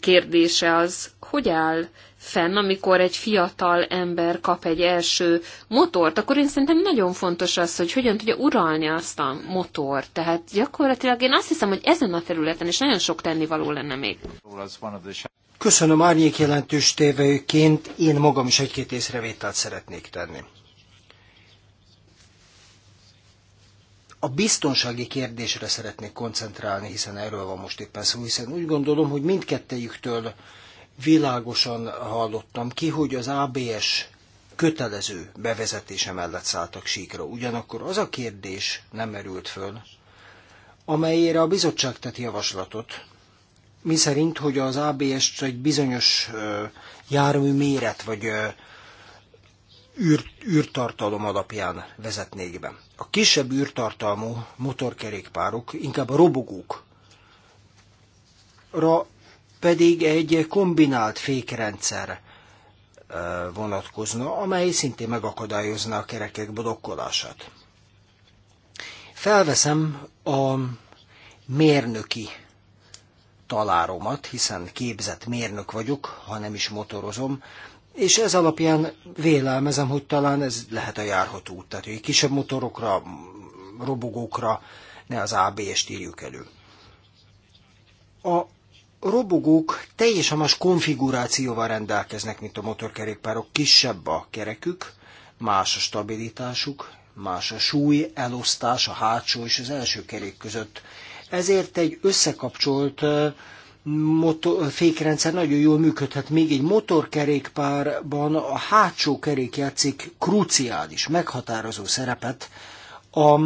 kérdése az hogy áll fenn, amikor egy fiatal ember kap egy első motort, akkor én szerintem nagyon fontos az, hogy hogyan tudja uralni azt a motort. Tehát gyakorlatilag én azt hiszem, hogy ezen a területen is nagyon sok tennivaló lenne még. Köszönöm árnyék jelentős tévőként, én magam is egy-két észrevételt szeretnék tenni. A biztonsági kérdésre szeretnék koncentrálni, hiszen erről van most éppen szó, hiszen úgy gondolom, hogy mindkettejüktől világosan hallottam ki, hogy az ABS kötelező bevezetése mellett szálltak síkra. Ugyanakkor az a kérdés nem merült föl, amelyére a bizottság tett javaslatot, mi szerint, hogy az ABS egy bizonyos jármű méret vagy űr, űrtartalom alapján vezetnék be. A kisebb űrtartalmú motorkerékpárok, inkább a robogókra pedig egy kombinált fékrendszer vonatkozna, amely szintén megakadályozna a kerekek blokkolását. Felveszem a mérnöki taláromat, hiszen képzett mérnök vagyok, ha nem is motorozom, és ez alapján vélelmezem, hogy talán ez lehet a járható út. Tehát, hogy kisebb motorokra, robogókra ne az ABS-t írjuk elő. A robogók teljesen más konfigurációval rendelkeznek, mint a motorkerékpárok. Kisebb a kerekük, más a stabilitásuk, más a súly, elosztás a hátsó és az első kerék között, ezért egy összekapcsolt fékrendszer nagyon jól működhet. Még egy motorkerékpárban a hátsó kerék játszik kruciális, meghatározó szerepet a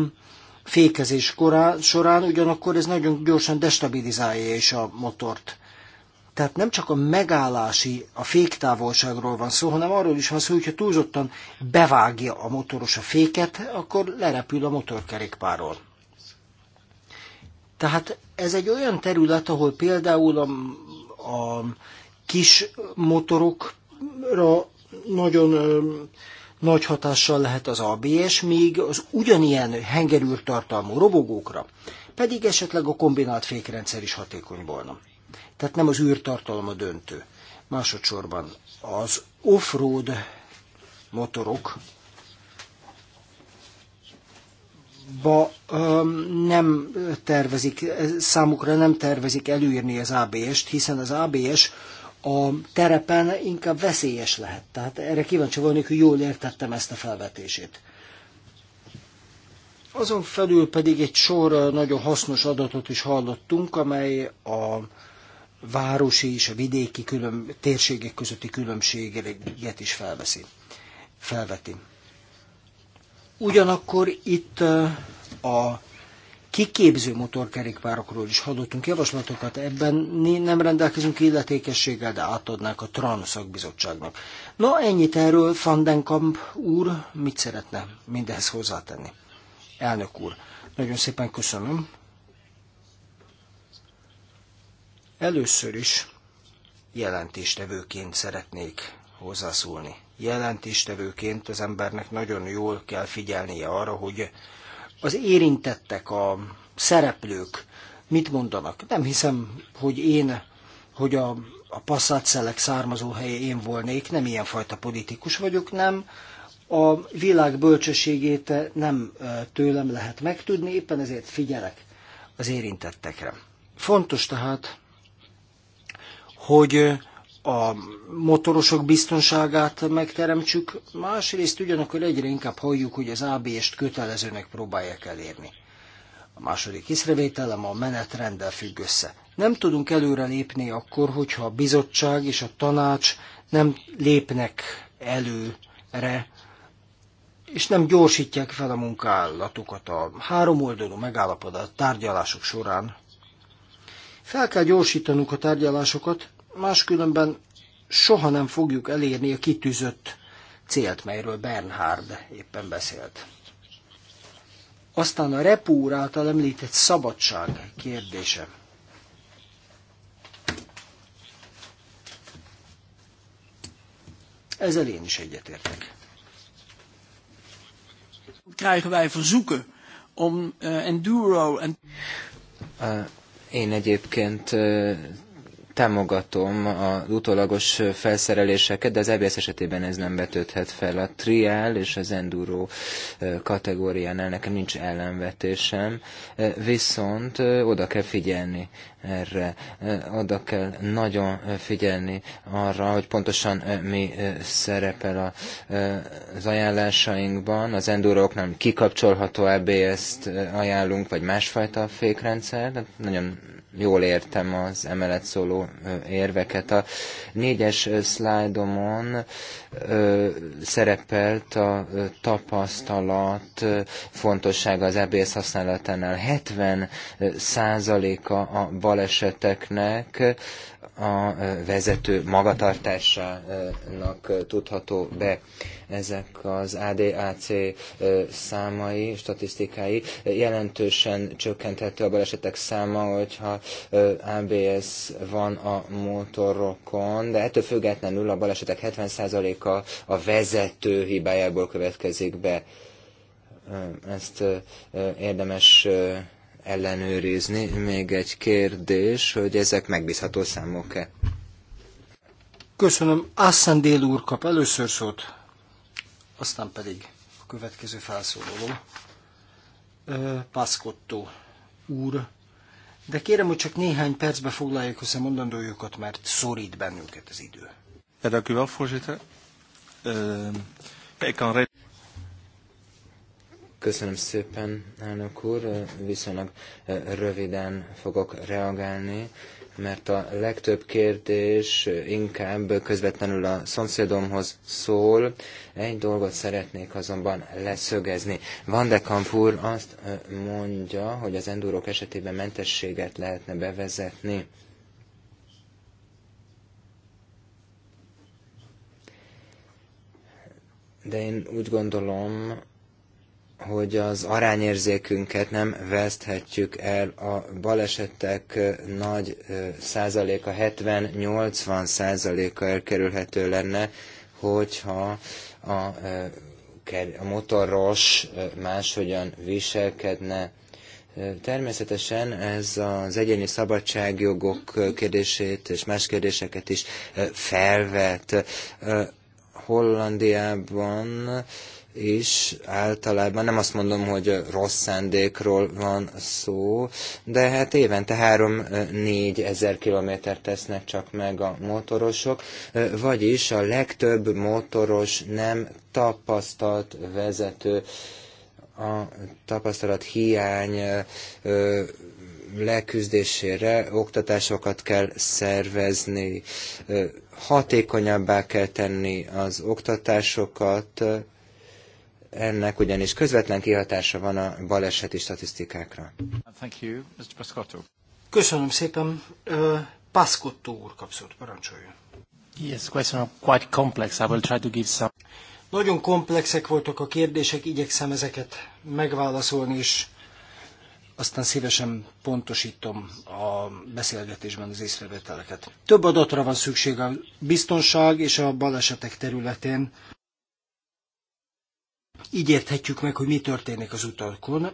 fékezés korán, során, ugyanakkor ez nagyon gyorsan destabilizálja is a motort. Tehát nem csak a megállási, a féktávolságról van szó, hanem arról is van szó, hogyha túlzottan bevágja a motoros a féket, akkor lerepül a motorkerékpáról. Tehát ez egy olyan terület, ahol például a, a kis motorokra nagyon ö, nagy hatással lehet az ABS, míg az ugyanilyen hengerűrtartalmú robogókra pedig esetleg a kombinált fékrendszer is hatékony volna. Tehát nem az űrtartalma döntő. Másodszorban az off-road motorok ba nem tervezik, számukra nem tervezik előírni az ABS-t, hiszen az ABS a terepen inkább veszélyes lehet. Tehát erre kíváncsi volnék, hogy jól értettem ezt a felvetését. Azon felül pedig egy sor nagyon hasznos adatot is hallottunk, amely a városi és a vidéki külön, térségek közötti különbséget is felveszi, felveti. Ugyanakkor itt a kiképző motorkerékpárokról is hallottunk javaslatokat, ebben nem rendelkezünk illetékességgel, de átadnák a TRAN szakbizottságnak. Na, ennyit erről, Fandenkamp úr, mit szeretne mindehez hozzátenni? Elnök úr, nagyon szépen köszönöm. Először is jelentéstevőként szeretnék hozzászólni jelentéstevőként az embernek nagyon jól kell figyelnie arra, hogy az érintettek, a szereplők mit mondanak. Nem hiszem, hogy én, hogy a, a passzátszelek származó helye én volnék, nem ilyenfajta politikus vagyok, nem. A világ bölcsességét nem tőlem lehet megtudni, éppen ezért figyelek az érintettekre. Fontos tehát, hogy a motorosok biztonságát megteremtsük, másrészt ugyanakkor egyre inkább halljuk, hogy az ABS-t kötelezőnek próbálják elérni. A második észrevételem a menetrenddel függ össze. Nem tudunk előrelépni akkor, hogyha a bizottság és a tanács nem lépnek előre, és nem gyorsítják fel a munkállatukat a háromoldalú megállapodás tárgyalások során. Fel kell gyorsítanunk a tárgyalásokat, máskülönben soha nem fogjuk elérni a kitűzött célt, melyről Bernhard éppen beszélt. Aztán a repúr által említett szabadság kérdése. Ezzel én is egyetértek. Krijgen wij verzoeken om eh, enduro en... Eh, én egyébként eh, támogatom az utólagos felszereléseket, de az EBS esetében ez nem vetődhet fel. A triál és az enduro kategóriánál nekem nincs ellenvetésem, viszont oda kell figyelni erre. Oda kell nagyon figyelni arra, hogy pontosan mi szerepel az ajánlásainkban. Az enduroknál kikapcsolható ABS-t e ajánlunk, vagy másfajta fékrendszer, nagyon jól értem az emelet szóló érveket. A négyes szlájdomon szerepelt a tapasztalat fontossága az EBS használatánál. 70 százaléka a baleseteknek a e, vezető magatartásának e, tudható be. Ezek az ADAC e, számai, statisztikái jelentősen csökkenthető a balesetek száma, hogyha ABS van a motorokon, de ettől függetlenül a balesetek 70%-a a vezető hibájából következik be. Ezt érdemes ellenőrizni. Még egy kérdés, hogy ezek megbízható számok-e? Köszönöm. Asszendél úr kap először szót, aztán pedig a következő felszólaló. Pászkottó úr. De kérem, hogy csak néhány percbe foglalják össze mondandójukat, mert szorít bennünket az idő. Ja, dank u wel, voorzitter. Ehm, Köszönöm szépen, elnök úr. Viszonylag e, röviden fogok reagálni, mert a legtöbb kérdés inkább közvetlenül a szomszédomhoz szól. Egy dolgot szeretnék azonban leszögezni. Van de Kamp úr azt e, mondja, hogy az endurok esetében mentességet lehetne bevezetni. De én úgy gondolom, hogy az arányérzékünket nem veszthetjük el. A balesetek nagy százaléka, 70-80 százaléka elkerülhető lenne, hogyha a, a motoros máshogyan viselkedne. Természetesen ez az egyéni szabadságjogok kérdését és más kérdéseket is felvet. Hollandiában is általában, nem azt mondom, hogy rossz szándékról van szó, de hát évente 3-4 ezer kilométert tesznek csak meg a motorosok, vagyis a legtöbb motoros nem tapasztalt vezető. A tapasztalat hiány leküzdésére oktatásokat kell szervezni, hatékonyabbá kell tenni az oktatásokat, ennek ugyanis közvetlen kihatása van a baleseti statisztikákra. Thank you, Mr. Pascotto. Köszönöm szépen. Uh, Pascotto úr kapszott, parancsoljon. Yes, question quite complex. I will try to give some... Nagyon komplexek voltak a kérdések, igyekszem ezeket megválaszolni, és aztán szívesen pontosítom a beszélgetésben az észrevételeket. Több adatra van szükség a biztonság és a balesetek területén. Így érthetjük meg, hogy mi történik az utakon,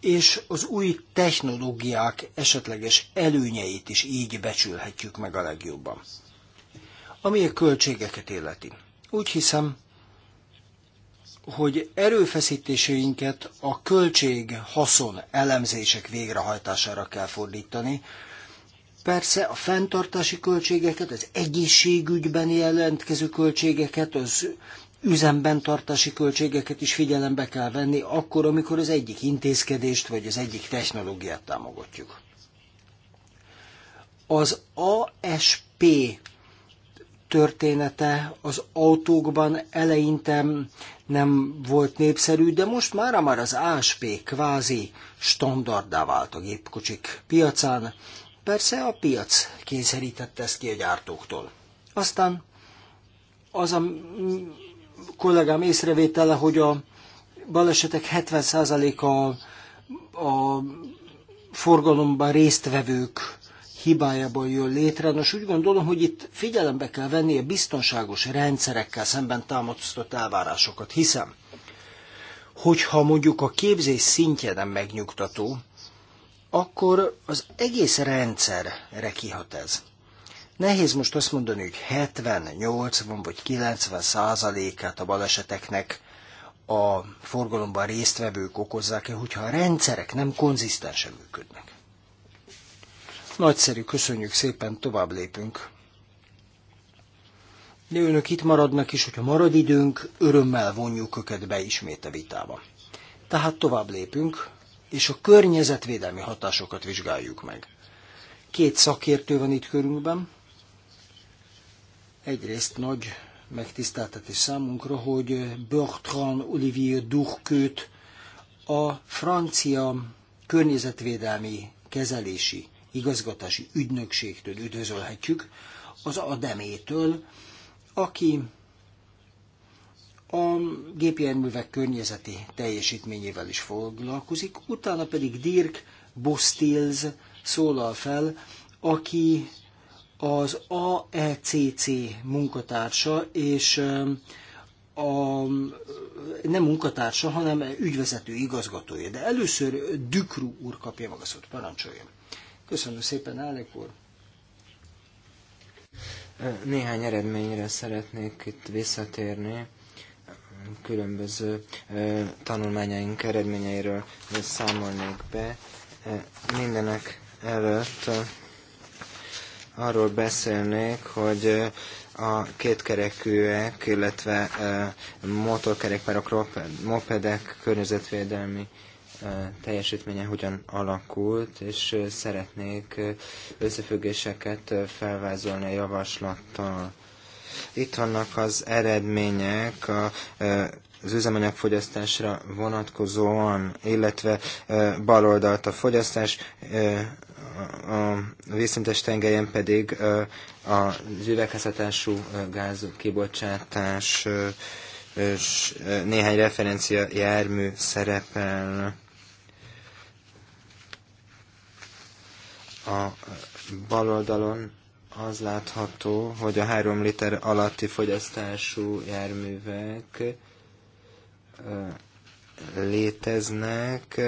és az új technológiák esetleges előnyeit is így becsülhetjük meg a legjobban. Ami a költségeket illeti. Úgy hiszem, hogy erőfeszítéseinket a költség-haszon elemzések végrehajtására kell fordítani. Persze a fenntartási költségeket, az egészségügyben jelentkező költségeket, az üzemben tartási költségeket is figyelembe kell venni, akkor, amikor az egyik intézkedést vagy az egyik technológiát támogatjuk. Az ASP története az autókban eleinte nem volt népszerű, de most már már az ASP kvázi standardá vált a gépkocsik piacán. Persze a piac kényszerítette ezt ki a gyártóktól. Aztán az a kollégám észrevétele, hogy a balesetek 70%-a a forgalomban résztvevők hibájából jön létre. Nos, úgy gondolom, hogy itt figyelembe kell venni a biztonságos rendszerekkel szemben támasztott elvárásokat, hiszen hogyha mondjuk a képzés szintje nem megnyugtató, akkor az egész rendszerre kihat ez. Nehéz most azt mondani, hogy 70, 80 vagy 90 százalékát a baleseteknek a forgalomban résztvevők okozzák-e, hogyha a rendszerek nem konzisztensen működnek. Nagyszerű, köszönjük szépen, tovább lépünk. De önök itt maradnak is, hogyha marad időnk, örömmel vonjuk őket be ismét a vitába. Tehát tovább lépünk, és a környezetvédelmi hatásokat vizsgáljuk meg. Két szakértő van itt körünkben, Egyrészt nagy megtiszteltetés számunkra, hogy Bertrand Olivier Durkőt a francia környezetvédelmi kezelési igazgatási ügynökségtől üdvözölhetjük, az ADEMÉ-től, aki a gépjárművek környezeti teljesítményével is foglalkozik, utána pedig Dirk Bostils szólal fel, aki az AECC munkatársa, és um, a, nem munkatársa, hanem ügyvezető igazgatója. De először Dükru úr kapja meg a szót, parancsoljon. Köszönöm szépen, elnök úr. Néhány eredményre szeretnék itt visszatérni különböző tanulmányaink eredményeiről számolnék be. Mindenek előtt arról beszélnék, hogy eh, a kétkerekűek, illetve eh, motorkerékpárok, mopedek környezetvédelmi eh, teljesítménye hogyan alakult, és szeretnék összefüggéseket felvázolni a javaslattal. Itt vannak az eredmények a, az üzemanyagfogyasztásra vonatkozóan, illetve baloldalt a fogyasztás, a vízszintes tengelyen pedig az üvegházhatású gáz kibocsátás és néhány referencia jármű szerepel a bal oldalon az látható, hogy a három liter alatti fogyasztású járművek léteznek,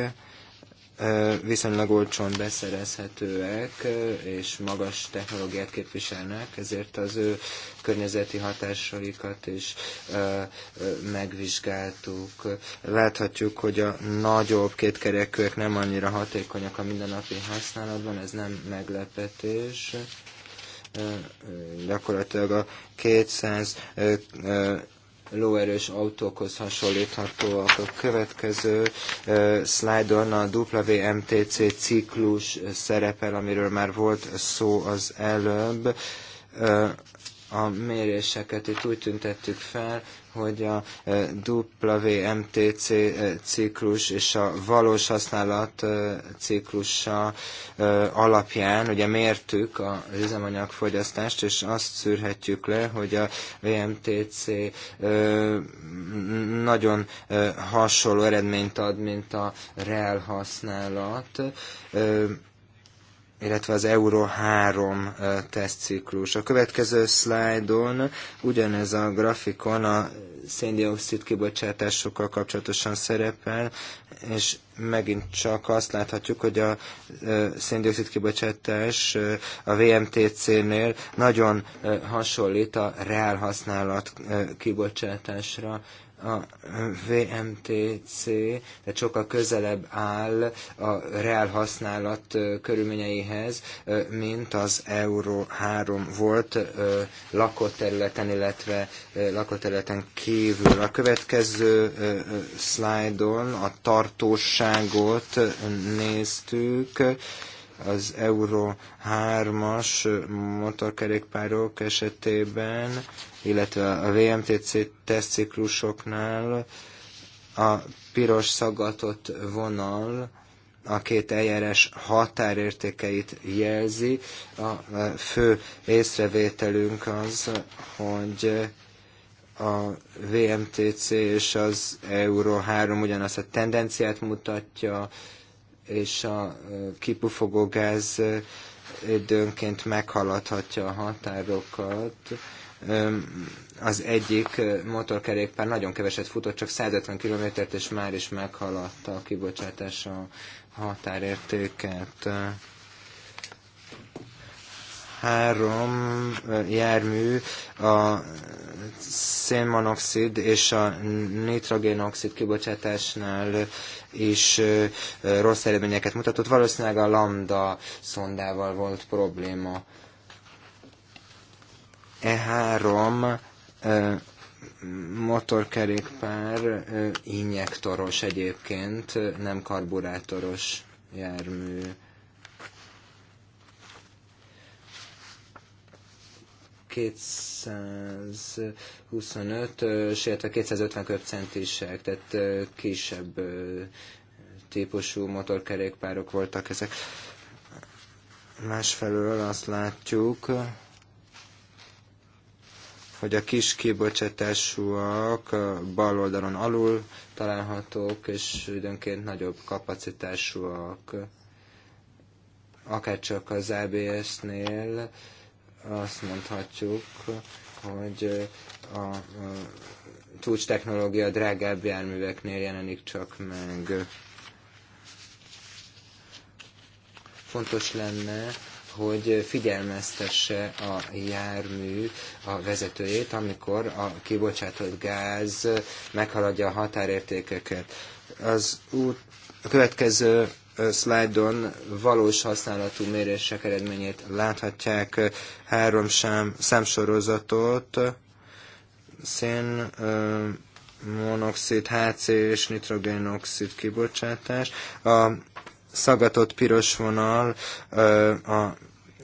viszonylag olcsón beszerezhetőek és magas technológiát képviselnek, ezért az ő környezeti hatásaikat is megvizsgáltuk. Láthatjuk, hogy a nagyobb kétkerekűek nem annyira hatékonyak a mindennapi használatban, ez nem meglepetés gyakorlatilag a 200 lóerős autókhoz hasonlíthatóak. A következő uh, szlájdon a WMTC ciklus szerepel, amiről már volt szó az előbb. Uh, a méréseket itt úgy tüntettük fel, hogy a e, WMTC e, ciklus és a valós használat e, ciklusa alapján ugye mértük az üzemanyagfogyasztást, és azt szűrhetjük le, hogy a WMTC nagyon hasonló eredményt ad, mint a reál használat illetve az Euro 3 tesztciklus. A következő szlájdon ugyanez a grafikon a széndiokszid kibocsátásokkal kapcsolatosan szerepel, és megint csak azt láthatjuk, hogy a széndiokszid kibocsátás a VMTC-nél nagyon hasonlít a reál használat kibocsátásra a VMTC, de sokkal közelebb áll a reál használat körülményeihez, mint az Euro 3 volt lakott területen, illetve lakott területen kívül. A következő szlájdon a tartóságot néztük, az Euro 3-as motorkerékpárok esetében, illetve a VMTC tesztciklusoknál a piros szagatott vonal a két eljárás határértékeit jelzi. A fő észrevételünk az, hogy a VMTC és az Euro 3 ugyanazt a tendenciát mutatja, és a kipufogó gáz időnként meghaladhatja a határokat. Az egyik motorkerékpár nagyon keveset futott, csak 150 kilométert, és már is meghaladta a kibocsátása határértéket három jármű a szénmonoxid és a nitrogénoxid kibocsátásnál is rossz eredményeket mutatott. Valószínűleg a lambda szondával volt probléma. e három motorkerékpár injektoros egyébként, nem karburátoros jármű. 225, sőt a 250 köbcentisek, tehát kisebb típusú motorkerékpárok voltak ezek. Másfelől azt látjuk, hogy a kis kibocsátásúak bal oldalon alul találhatók, és időnként nagyobb kapacitásúak, akárcsak az ABS-nél azt mondhatjuk, hogy a csúcs technológia drágább járműveknél jelenik csak meg. Fontos lenne, hogy figyelmeztesse a jármű a vezetőjét, amikor a kibocsátott gáz meghaladja a határértékeket. Az út, a következő szlájdon valós használatú mérések eredményét láthatják, három szám, számsorozatot, szén, monoxid, HC és nitrogénoxid kibocsátás. A szagatott piros vonal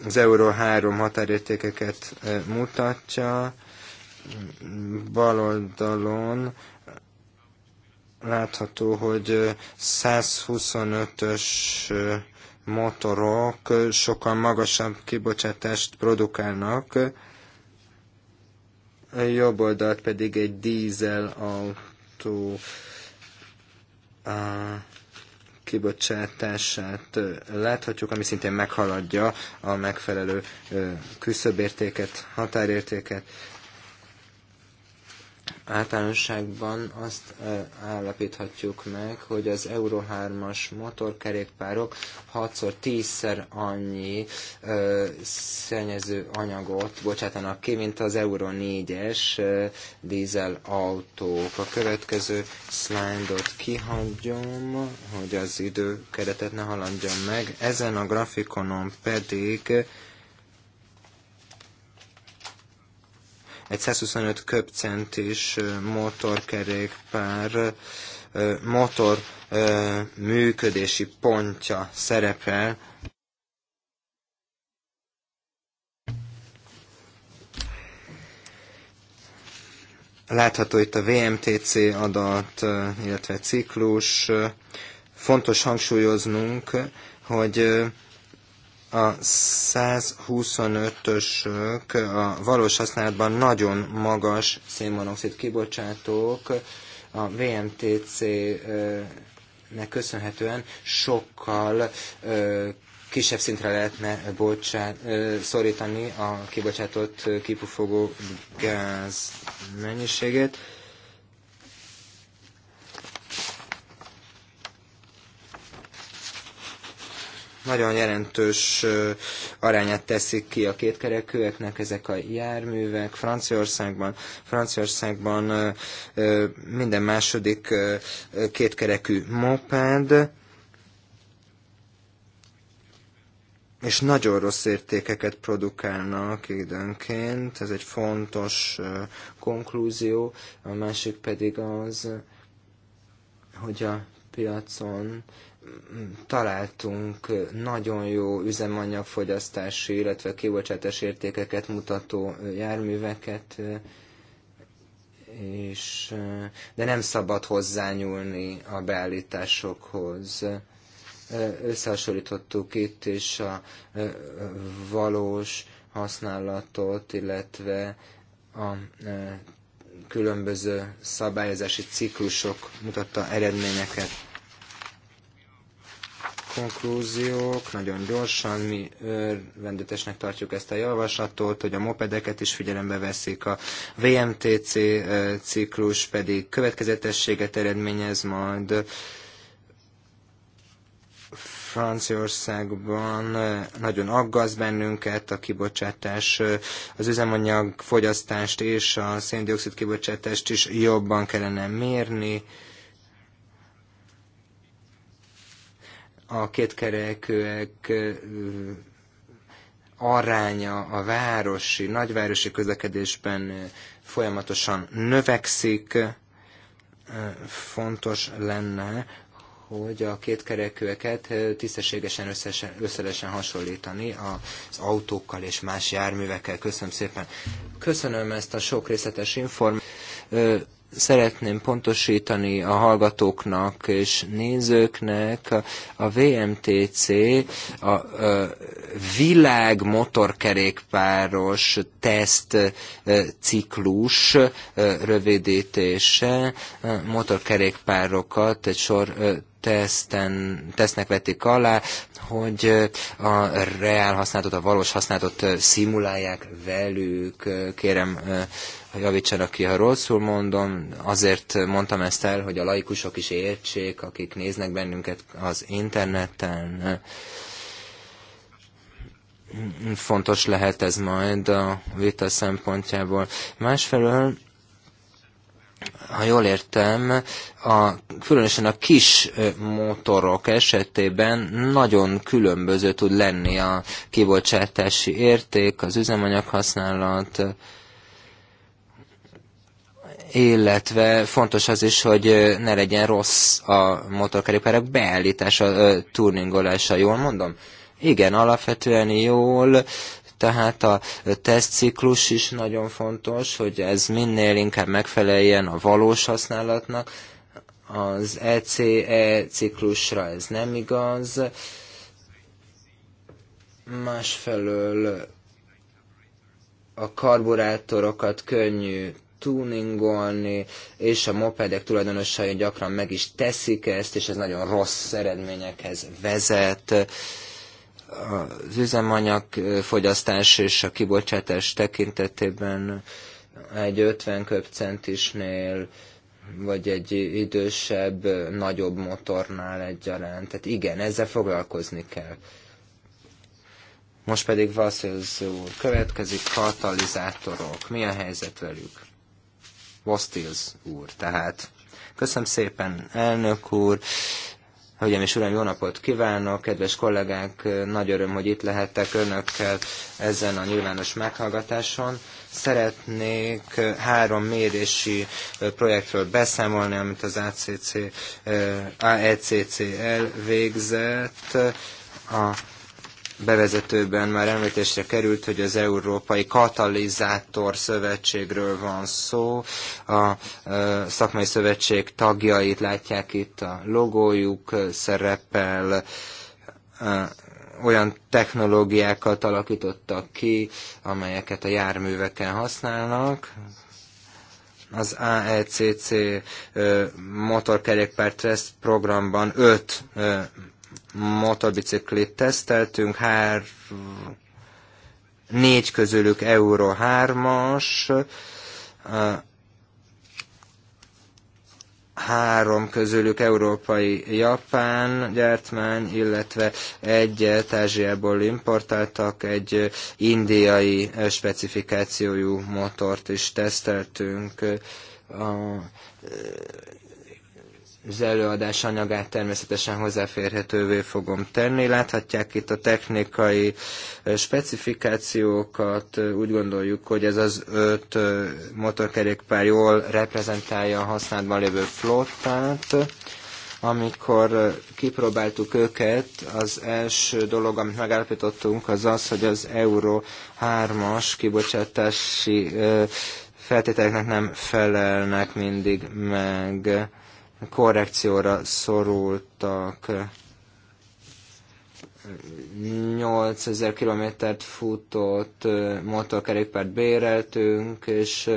az Euró 3 határértékeket mutatja, bal oldalon látható, hogy 125-ös motorok sokkal magasabb kibocsátást produkálnak, a jobb oldalt pedig egy dízel autó kibocsátását láthatjuk, ami szintén meghaladja a megfelelő küszöbértéket, határértéket. Általánosságban azt állapíthatjuk meg, hogy az Euro 3-as motorkerékpárok 6-10-szer annyi szennyező anyagot bocsátanak ki, mint az Euro 4-es dízel autók. A következő szlájdot kihagyom, hogy az időkeretet ne haladjam meg. Ezen a grafikonon pedig egy 125 köbcentis motorkerékpár motor működési pontja szerepel. Látható itt a VMTC adat, illetve ciklus. Fontos hangsúlyoznunk, hogy a 125-ösök a valós használatban nagyon magas szénmonoxid kibocsátók, a VMTC-nek köszönhetően sokkal kisebb szintre lehetne bocsát, szorítani a kibocsátott kipufogó gáz mennyiségét. Nagyon jelentős arányát teszik ki a kétkerekűeknek ezek a járművek. Franciaországban, Franciaországban minden második kétkerekű moped, és nagyon rossz értékeket produkálnak időnként, ez egy fontos konklúzió, a másik pedig az, hogy a piacon találtunk nagyon jó üzemanyagfogyasztási, illetve kibocsátás értékeket mutató járműveket, és, de nem szabad hozzányúlni a beállításokhoz. Összehasonlítottuk itt is a valós használatot, illetve a különböző szabályozási ciklusok mutatta eredményeket konklúziók, nagyon gyorsan mi örvendetesnek tartjuk ezt a javaslatot, hogy a mopedeket is figyelembe veszik, a VMTC ciklus pedig következetességet eredményez majd. Franciaországban nagyon aggaszt bennünket a kibocsátás, az üzemanyag fogyasztást és a széndiokszid kibocsátást is jobban kellene mérni a kétkerekűek aránya a városi, nagyvárosi közlekedésben folyamatosan növekszik. Fontos lenne, hogy a kétkerekűeket tisztességesen összesen, hasonlítani az autókkal és más járművekkel. Köszönöm szépen. Köszönöm ezt a sok részletes információt Szeretném pontosítani a hallgatóknak és nézőknek, a VMTC a, a világ motorkerékpáros teszt ciklus rövidítése motorkerékpárokat egy sor teszten, tesznek vették alá, hogy a reál használatot, a valós használatot szimulálják velük. Kérem, javítsanak ki, ha rosszul mondom. Azért mondtam ezt el, hogy a laikusok is értsék, akik néznek bennünket az interneten fontos lehet ez majd a vita szempontjából. Másfelől ha jól értem, a, különösen a kis motorok esetében nagyon különböző tud lenni a kibocsátási érték, az üzemanyag használat illetve fontos az is, hogy ne legyen rossz a motorkerékpárok beállítása, tuningolása, jól mondom? Igen, alapvetően jól tehát a tesztciklus is nagyon fontos, hogy ez minél inkább megfeleljen a valós használatnak. Az ECE e ciklusra ez nem igaz. Másfelől a karburátorokat könnyű tuningolni, és a mopedek tulajdonosai gyakran meg is teszik ezt, és ez nagyon rossz eredményekhez vezet az üzemanyag fogyasztás és a kibocsátás tekintetében egy 50 köbcentisnél vagy egy idősebb, nagyobb motornál egyaránt. Tehát igen, ezzel foglalkozni kell. Most pedig Vasszőz úr, következik katalizátorok. Mi a helyzet velük? Vasszőz úr, tehát. Köszönöm szépen, elnök úr. Hölgyeim és Uraim, jó napot kívánok! Kedves kollégák, nagy öröm, hogy itt lehettek önökkel ezen a nyilvános meghallgatáson. Szeretnék három mérési projektről beszámolni, amit az ACC, AECCL végzett a bevezetőben már említésre került, hogy az Európai Katalizátor Szövetségről van szó. A szakmai szövetség tagjait látják itt a logójuk, szerepel olyan technológiákat alakítottak ki, amelyeket a járműveken használnak, az AECC motorkerékpár Trust programban öt motorbiciklit teszteltünk, hár, négy közülük Euro 3-as, három közülük európai japán gyártmány, illetve egyet Ázsiából importáltak, egy indiai specifikációjú motort is teszteltünk. A az előadás anyagát természetesen hozzáférhetővé fogom tenni. Láthatják itt a technikai specifikációkat. Úgy gondoljuk, hogy ez az öt motorkerékpár jól reprezentálja a használatban lévő flottát. Amikor kipróbáltuk őket, az első dolog, amit megállapítottunk, az az, hogy az Euro 3-as kibocsátási feltételeknek nem felelnek mindig meg korrekcióra szorultak. 8000 kilométert futott motorkerékpárt béreltünk, és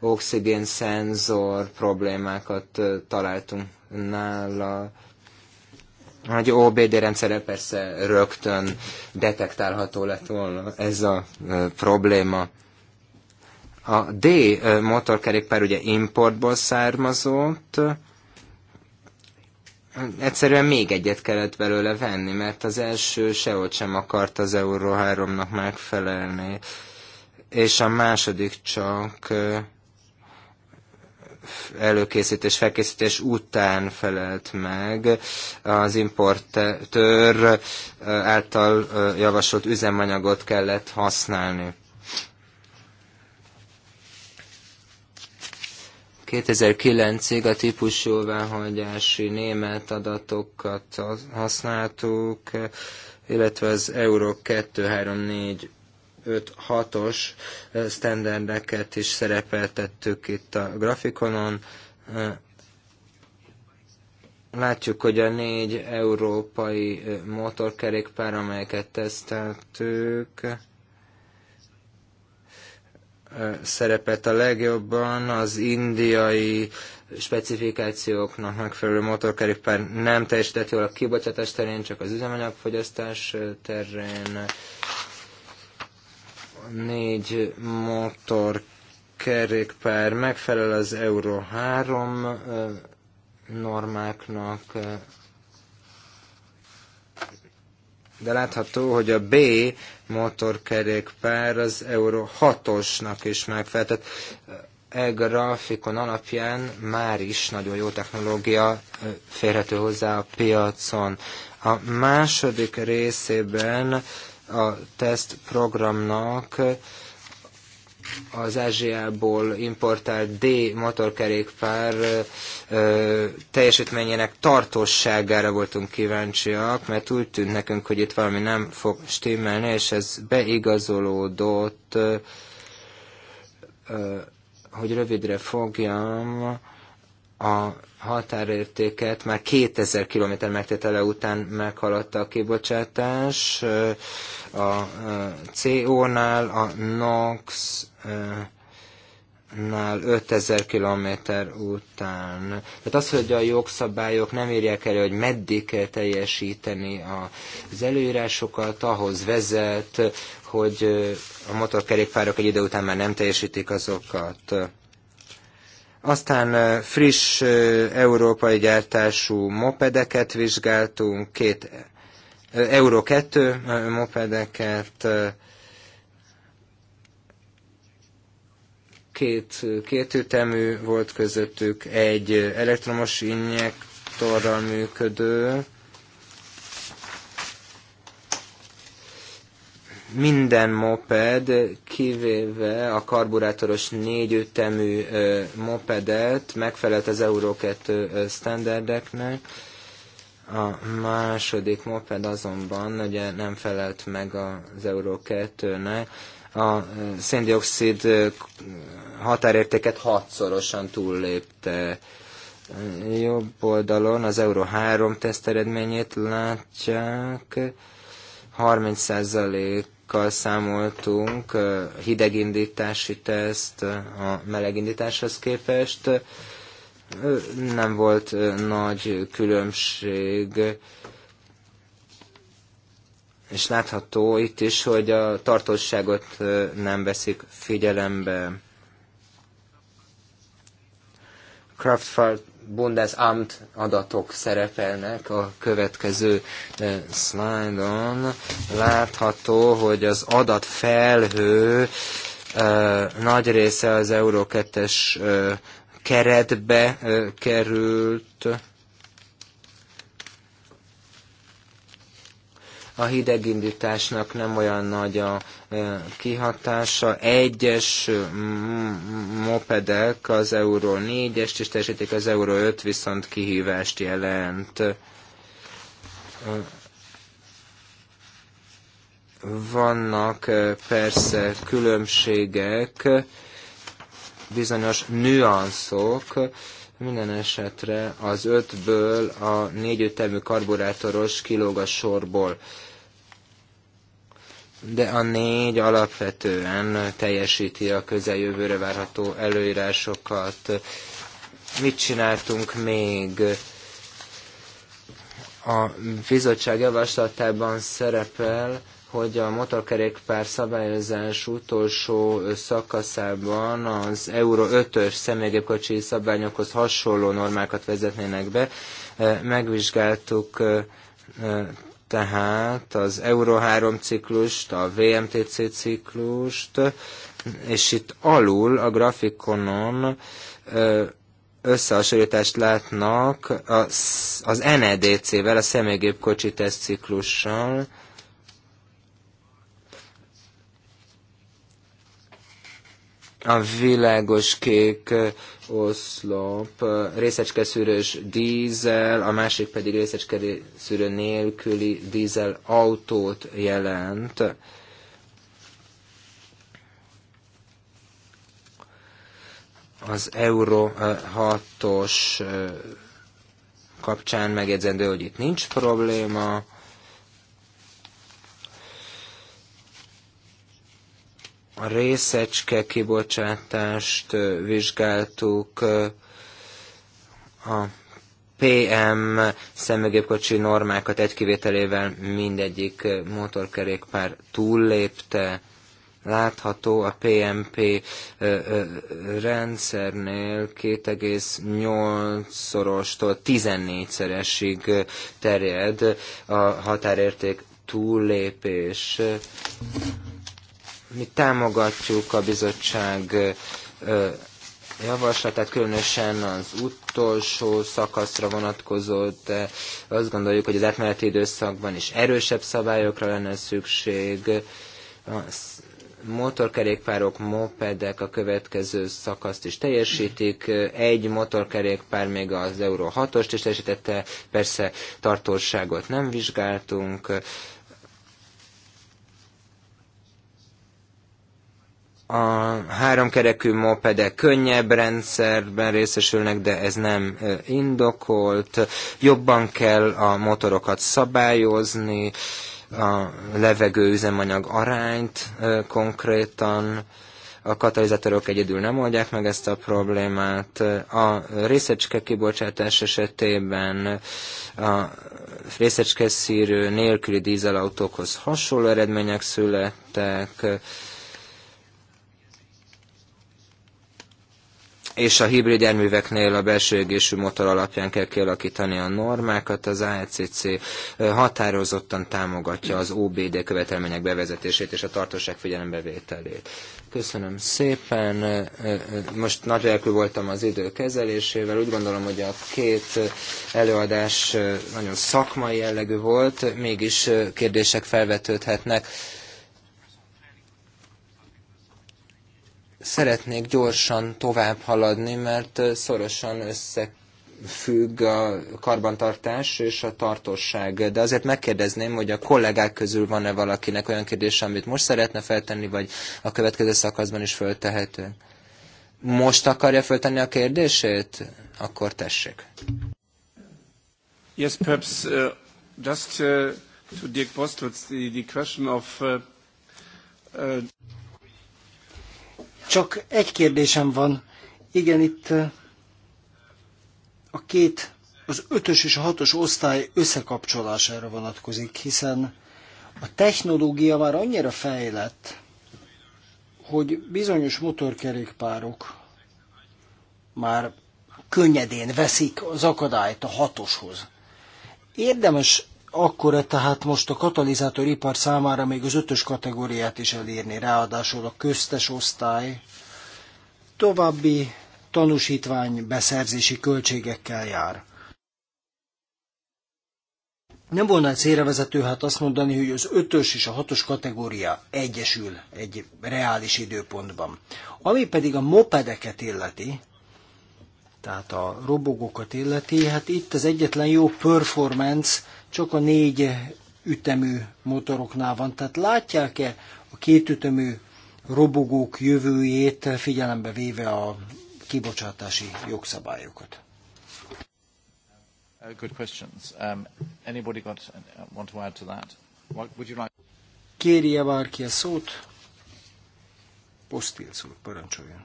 oxigén szenzor problémákat találtunk nála. Egy OBD rendszerre persze rögtön detektálható lett volna ez a probléma. A D motorkerékpár ugye importból származott, egyszerűen még egyet kellett belőle venni, mert az első sehogy sem akart az Euró 3-nak megfelelni, és a második csak előkészítés, felkészítés után felelt meg az importőr által javasolt üzemanyagot kellett használni. 2009-ig a típusjóváhagyási német adatokat használtuk, illetve az Euro 234 5-6-os standardeket is szerepeltettük itt a grafikonon. Látjuk, hogy a négy európai motorkerékpár, amelyeket teszteltük, szerepet a legjobban az indiai specifikációknak megfelelő motorkerékpár nem teljesített jól a kibocsátás terén, csak az üzemanyagfogyasztás terén. Négy motorkerékpár megfelel az Euro 3 normáknak, de látható, hogy a B motorkerékpár az Euro 6-osnak is megfelelt. e grafikon alapján már is nagyon jó technológia férhető hozzá a piacon. A második részében a tesztprogramnak az Ázsiából importált D motorkerékpár ö, teljesítményének tartosságára voltunk kíváncsiak, mert úgy tűnt nekünk, hogy itt valami nem fog stimmelni, és ez beigazolódott, ö, ö, hogy rövidre fogjam, a határértéket már 2000 km megtétele után meghaladta a kibocsátás. A CO-nál, a NOx nál 5000 km után. Tehát az, hogy a jogszabályok nem írják elő, hogy meddig kell teljesíteni az előírásokat, ahhoz vezet, hogy a motorkerékpárok egy idő után már nem teljesítik azokat. Aztán friss európai gyártású mopedeket vizsgáltunk, két Euro 2 mopedeket, két, két ütemű volt közöttük, egy elektromos injektorral működő, minden moped, kivéve a karburátoros négyütemű mopedet megfelelt az Euro 2 standardeknek. A második moped azonban ugye nem felelt meg az Euro 2-nek. A széndiokszid határértéket hatszorosan túllépte. Jobb oldalon az Euro 3 teszt eredményét látják. 30% kal számoltunk, hidegindítási teszt a melegindításhoz képest. Nem volt nagy különbség, és látható itt is, hogy a tartóságot nem veszik figyelembe. Kraftfart Bundesamt adatok szerepelnek a következő eh, szlájdon. Látható, hogy az adatfelhő eh, nagy része az Euró 2-es eh, keretbe került a hidegindításnak nem olyan nagy a e, kihatása. Egyes mopedek az Euró 4-est is teljesítik, az Euró 5 viszont kihívást jelent vannak e, persze különbségek, bizonyos nüanszok, minden esetre az ötből a négyütemű karburátoros kilóg a sorból. De a négy alapvetően teljesíti a közeljövőre várható előírásokat. Mit csináltunk még? A bizottság javaslatában szerepel, hogy a motorkerékpár szabályozás utolsó szakaszában az Euro 5-ös személygépkocsi szabványokhoz hasonló normákat vezetnének be. E, megvizsgáltuk e, e, tehát az Euro 3 ciklust, a VMTC ciklust, és itt alul a grafikonon összehasonlítást látnak az, az NEDC-vel, a személygépkocsi tesztciklussal. A világos kék oszlop, szűrős dízel, a másik pedig szűrő nélküli dízel autót jelent. Az Euro 6-os eh, eh, kapcsán megjegyzendő, hogy itt nincs probléma. A részecske kibocsátást eh, vizsgáltuk, a PM szemegépkocsi normákat egy kivételével mindegyik motorkerékpár túllépte, látható a PMP rendszernél 2,8-szorostól 14-szeresig terjed a határérték túllépés. Mi támogatjuk a bizottság javaslatát, különösen az utolsó szakaszra vonatkozott, de azt gondoljuk, hogy az átmeneti időszakban is erősebb szabályokra lenne szükség. A motorkerékpárok, mopedek a következő szakaszt is teljesítik, egy motorkerékpár még az Euró 6-ost is teljesítette, persze tartóságot nem vizsgáltunk, a háromkerekű mopedek könnyebb rendszerben részesülnek, de ez nem indokolt. Jobban kell a motorokat szabályozni, a levegő üzemanyag arányt konkrétan, a katalizátorok egyedül nem oldják meg ezt a problémát. A részecske kibocsátás esetében a részecske szírő nélküli dízelautókhoz hasonló eredmények születtek, és a hibrid járműveknél a belső égésű motor alapján kell kialakítani a normákat. Az ACC határozottan támogatja az OBD követelmények bevezetését és a tartóság figyelembevételét. Köszönöm szépen. Most nagy lelkű voltam az idő kezelésével. Úgy gondolom, hogy a két előadás nagyon szakmai jellegű volt, mégis kérdések felvetődhetnek. Szeretnék gyorsan tovább haladni, mert szorosan össze függ a karbantartás és a tartóság, de azért megkérdezném, hogy a kollégák közül van-e valakinek olyan kérdés, amit most szeretne feltenni, vagy a következő szakaszban is föltehető. Most akarja föltenni a kérdését? Akkor tessék. Yes, perhaps uh, just uh, to Dirk Postwitz, the, the question of uh, uh csak egy kérdésem van. Igen, itt eh, a két, az ötös és a hatos osztály összekapcsolására vonatkozik, hiszen a technológia már annyira fejlett, hogy bizonyos motorkerékpárok már könnyedén veszik az akadályt a hatoshoz. Érdemes akkor tehát most a katalizátoripar számára még az ötös kategóriát is elérni, ráadásul a köztes osztály további tanúsítvány beszerzési költségekkel jár. Nem volna egy vezető hát azt mondani, hogy az ötös és a hatos kategória egyesül egy reális időpontban. Ami pedig a mopedeket illeti, tehát a robogókat illeti, hát itt az egyetlen jó performance csak a négy ütemű motoroknál van. Tehát látják-e a kétütemű robogók jövőjét figyelembe véve a kibocsátási jogszabályokat? Uh, good questions. Um, anybody uh, want to add to that? would you like? Kérje bárki a szót? Posztil szót, parancsoljon.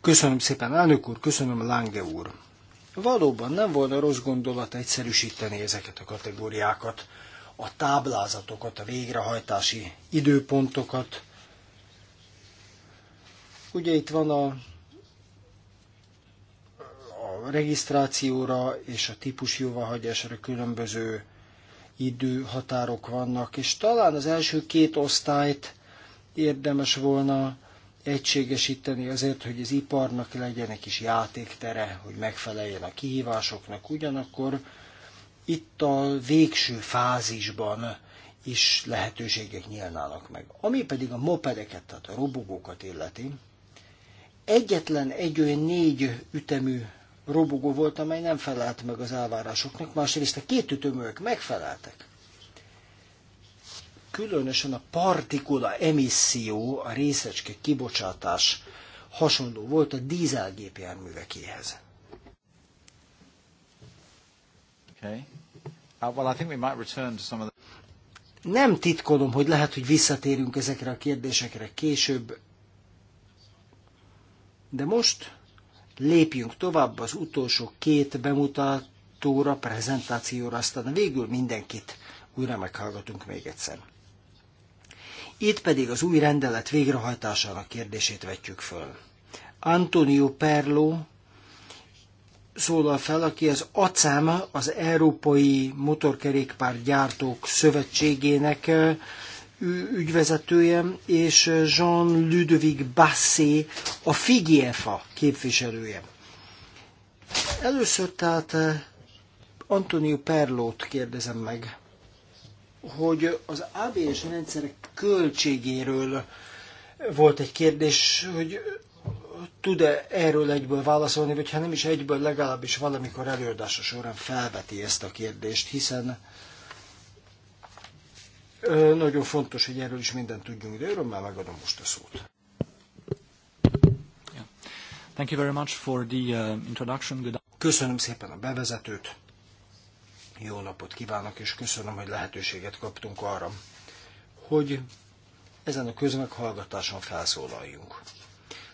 Köszönöm szépen, elnök úr, köszönöm Lange úr Valóban nem volna rossz gondolat egyszerűsíteni ezeket a kategóriákat, a táblázatokat, a végrehajtási időpontokat. Ugye itt van a, a regisztrációra és a típus jóváhagyásra különböző időhatárok vannak, és talán az első két osztályt érdemes volna egységesíteni azért, hogy az iparnak legyen egy kis játéktere, hogy megfeleljen a kihívásoknak. Ugyanakkor itt a végső fázisban is lehetőségek nyílnának meg. Ami pedig a mopedeket, tehát a robogókat illeti, egyetlen egy olyan négy ütemű robogó volt, amely nem felelt meg az elvárásoknak, másrészt a két üteműek megfeleltek különösen a partikula emisszió, a részecske kibocsátás hasonló volt a dízelgépjárművekéhez. Okay. Uh, well, I think we might return to some of the... Nem titkolom, hogy lehet, hogy visszatérünk ezekre a kérdésekre később, de most lépjünk tovább az utolsó két bemutatóra, prezentációra, aztán végül mindenkit újra meghallgatunk még egyszer. Itt pedig az új rendelet végrehajtásának kérdését vetjük föl. Antonio Perlo szólal fel, aki az ACEM, az Európai Motorkerékpár Gyártók Szövetségének ügyvezetője, és Jean-Ludovic Bassé, a FIGIEFA képviselője. Először tehát Antonio Perlót kérdezem meg, hogy az ABS rendszerek költségéről volt egy kérdés, hogy tud-e erről egyből válaszolni, vagy ha nem is egyből, legalábbis valamikor előadása során felveti ezt a kérdést, hiszen nagyon fontos, hogy erről is mindent tudjunk, de már megadom most a szót. Thank you very much for the uh, introduction. Köszönöm szépen a bevezetőt. Jó napot kívánok, és köszönöm, hogy lehetőséget kaptunk arra, hogy ezen a közmeghallgatáson felszólaljunk.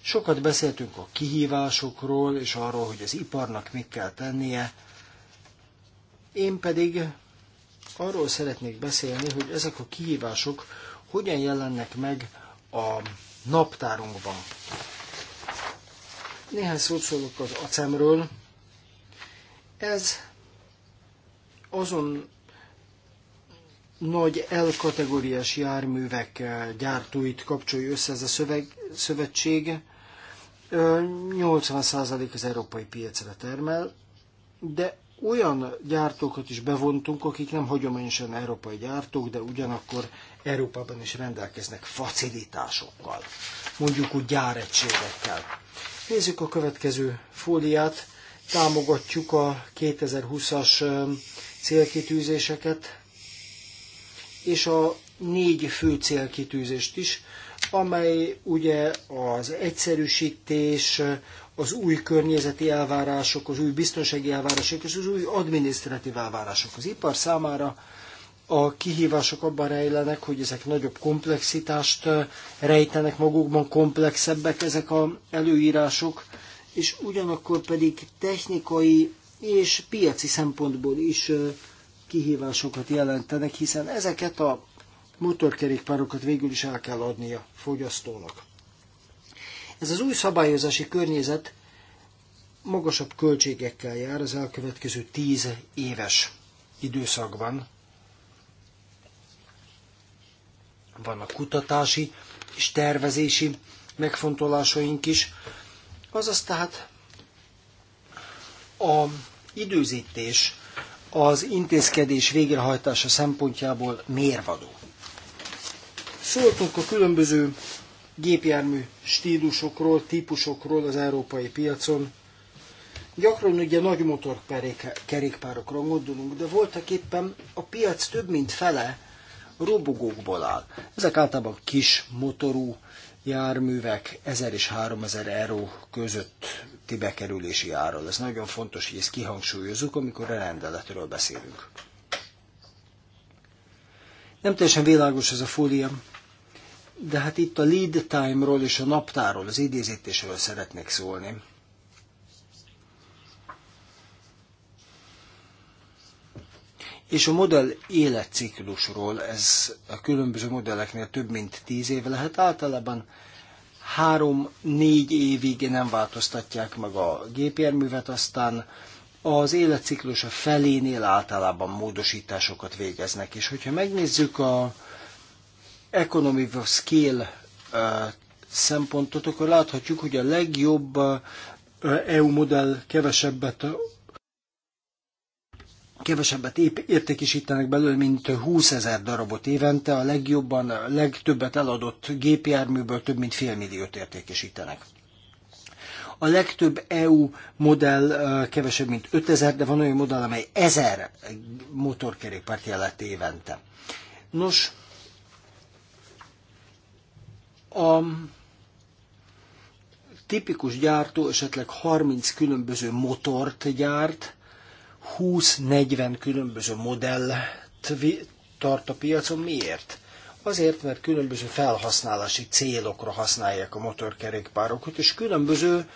Sokat beszéltünk a kihívásokról, és arról, hogy az iparnak mit kell tennie. Én pedig arról szeretnék beszélni, hogy ezek a kihívások hogyan jelennek meg a naptárunkban. Néhány szót szólok az acemről. Ez azon nagy L-kategóriás járművek eh, gyártóit kapcsolja össze ez a szöveg, szövetség. 80% az európai piacra termel, de olyan gyártókat is bevontunk, akik nem hagyományosan európai gyártók, de ugyanakkor Európában is rendelkeznek facilitásokkal, mondjuk úgy gyáregységekkel. Nézzük a következő fóliát, támogatjuk a 2020-as célkitűzéseket, és a négy fő célkitűzést is, amely ugye az egyszerűsítés, az új környezeti elvárások, az új biztonsági elvárások és az új adminisztratív elvárások. Az ipar számára a kihívások abban rejlenek, hogy ezek nagyobb komplexitást rejtenek magukban, komplexebbek ezek az előírások, és ugyanakkor pedig technikai és piaci szempontból is kihívásokat jelentenek, hiszen ezeket a motorkerékpárokat végül is el kell adni a fogyasztónak. Ez az új szabályozási környezet magasabb költségekkel jár az elkövetkező tíz éves időszakban. Vannak kutatási és tervezési megfontolásaink is. Azaz tehát a időzítés az intézkedés végrehajtása szempontjából mérvadó. Szóltunk a különböző gépjármű stílusokról, típusokról az európai piacon. Gyakran ugye nagy motorkerékpárokra gondolunk, de voltak éppen a piac több mint fele robogókból áll. Ezek általában kis motorú járművek 1000 és 3000 euró közötti bekerülési áról. Ez nagyon fontos, hogy ezt kihangsúlyozzuk, amikor a rendeletről beszélünk. Nem teljesen világos ez a fólia, de hát itt a lead time-ról és a naptáról, az idézítésről szeretnék szólni. és a modell életciklusról, ez a különböző modelleknél több mint tíz év lehet, általában három-négy évig nem változtatják meg a gépjárművet, aztán az életciklus a felénél általában módosításokat végeznek. És hogyha megnézzük a Economy of Scale szempontot, akkor láthatjuk, hogy a legjobb EU modell kevesebbet kevesebbet értékesítenek belőle, mint 20 ezer darabot évente, a legjobban, a legtöbbet eladott gépjárműből több mint fél milliót értékesítenek. A legtöbb EU modell kevesebb, mint 5000, de van olyan modell, amely 1000 motorkerékpárt jelent évente. Nos, a tipikus gyártó esetleg 30 különböző motort gyárt, 20-40 különböző modellt tart a piacon. Miért? Azért, mert különböző felhasználási célokra használják a motorkerékpárokat, és különböző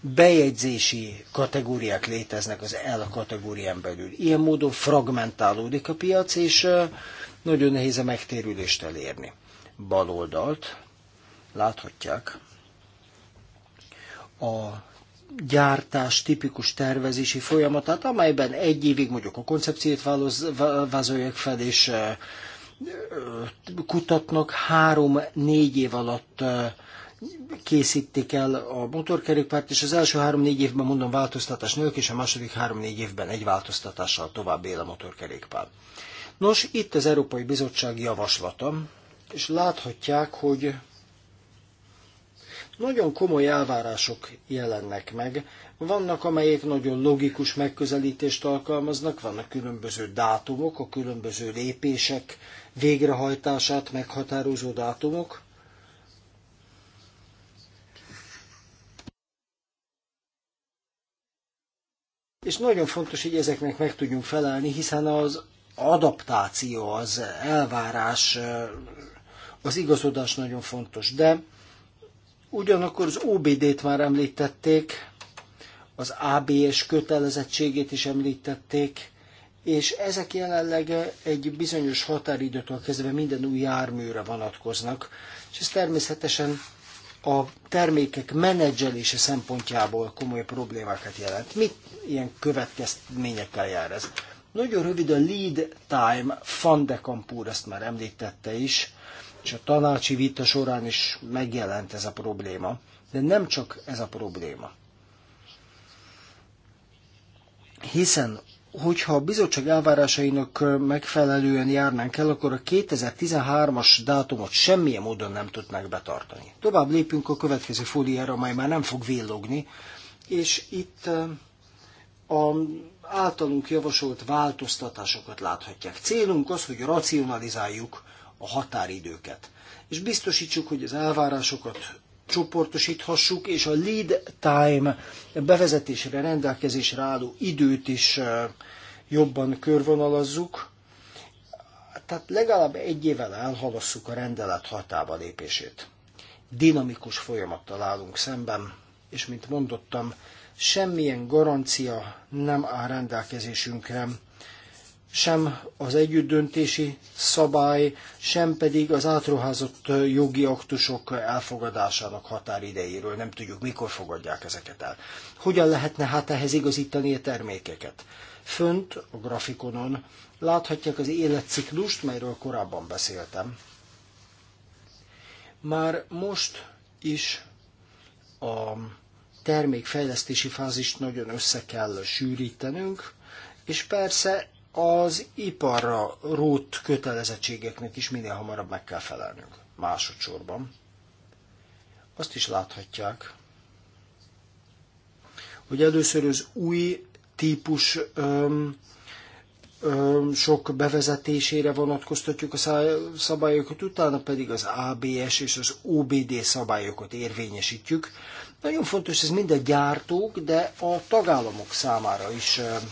bejegyzési kategóriák léteznek az L kategórián belül. Ilyen módon fragmentálódik a piac, és nagyon nehéz a megtérülést elérni. Bal oldalt láthatják a gyártás tipikus tervezési folyamatát, amelyben egy évig mondjuk a koncepciót vázolják fel, és kutatnak három-négy év alatt készítik el a motorkerékpárt, és az első három-négy évben mondom változtatás nők, és a második három-négy évben egy változtatással tovább él a motorkerékpár. Nos, itt az Európai Bizottság javaslata, és láthatják, hogy nagyon komoly elvárások jelennek meg. Vannak, amelyek nagyon logikus megközelítést alkalmaznak, vannak különböző dátumok, a különböző lépések végrehajtását meghatározó dátumok, És nagyon fontos, hogy ezeknek meg tudjunk felelni, hiszen az adaptáció, az elvárás, az igazodás nagyon fontos. De Ugyanakkor az OBD-t már említették, az ABS kötelezettségét is említették, és ezek jelenleg egy bizonyos határidőtől kezdve minden új járműre vonatkoznak, és ez természetesen a termékek menedzselése szempontjából komoly problémákat jelent. Mit ilyen következményekkel jár ez? Nagyon rövid a lead time, Fandekampúr ezt már említette is, és a tanácsi vita során is megjelent ez a probléma. De nem csak ez a probléma. Hiszen, hogyha a bizottság elvárásainak megfelelően járnánk el, akkor a 2013-as dátumot semmilyen módon nem tudnánk betartani. Tovább lépünk a következő fóliára, amely már nem fog villogni, és itt eh, a általunk javasolt változtatásokat láthatják. Célunk az, hogy racionalizáljuk a határidőket. És biztosítsuk, hogy az elvárásokat csoportosíthassuk, és a lead time bevezetésre, rendelkezésre álló időt is jobban körvonalazzuk. Tehát legalább egy évvel elhalasszuk a rendelet hatába lépését. Dinamikus folyamattal állunk szemben, és mint mondottam, semmilyen garancia nem áll rendelkezésünkre sem az együttdöntési szabály, sem pedig az átruházott jogi aktusok elfogadásának határidejéről. Nem tudjuk, mikor fogadják ezeket el. Hogyan lehetne hát ehhez igazítani a termékeket? Fönt a grafikonon láthatják az életciklust, melyről korábban beszéltem. Már most is a termékfejlesztési fázist nagyon össze kell sűrítenünk, és persze az iparra rót kötelezettségeknek is minél hamarabb meg kell felelnünk. Másodszorban azt is láthatják, hogy először az új típus öm, öm, sok bevezetésére vonatkoztatjuk a szabályokat, utána pedig az ABS és az OBD szabályokat érvényesítjük. Nagyon fontos ez mind a gyártók, de a tagállamok számára is öm,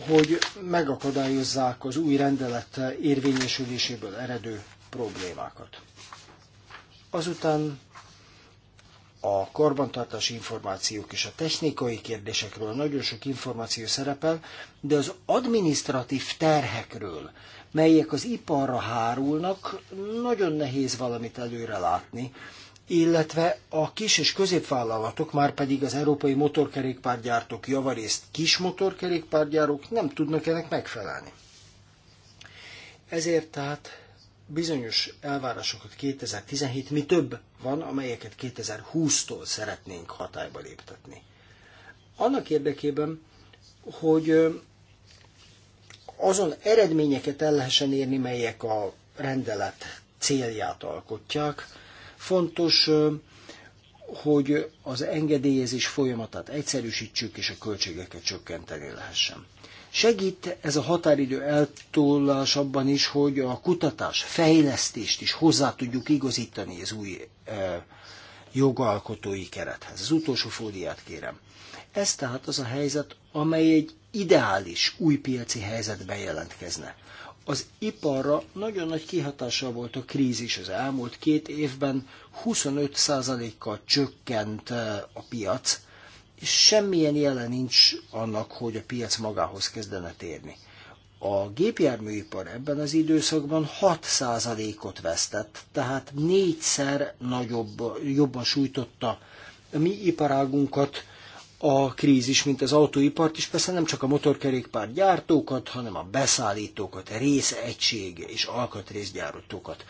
hogy megakadályozzák az új rendelet érvényesüléséből eredő problémákat. Azután a karbantartási információk és a technikai kérdésekről nagyon sok információ szerepel, de az administratív terhekről, melyek az iparra hárulnak, nagyon nehéz valamit előre látni, illetve a kis és középvállalatok, már pedig az európai motorkerékpárgyártók javarészt kis motorkerékpárgyárok nem tudnak ennek megfelelni. Ezért tehát bizonyos elvárásokat 2017, mi több van, amelyeket 2020-tól szeretnénk hatályba léptetni. Annak érdekében, hogy azon eredményeket el lehessen érni, melyek a rendelet célját alkotják, Fontos, hogy az engedélyezés folyamatát egyszerűsítsük, és a költségeket csökkenteni lehessen. Segít ez a határidő eltollás abban is, hogy a kutatás, fejlesztést is hozzá tudjuk igazítani az új e, jogalkotói kerethez. Az utolsó fóliát kérem. Ez tehát az a helyzet, amely egy ideális új piaci helyzetben jelentkezne az iparra nagyon nagy kihatással volt a krízis. Az elmúlt két évben 25%-kal csökkent eh, a piac, és semmilyen jelen nincs annak, hogy a piac magához kezdene térni. A gépjárműipar ebben az időszakban 6%-ot vesztett, tehát négyszer nagyobb, jobban sújtotta a mi iparágunkat, a krízis, mint az autóipart is, persze nem csak a motorkerékpár gyártókat, hanem a beszállítókat, a részegység és alkatrészgyártókat.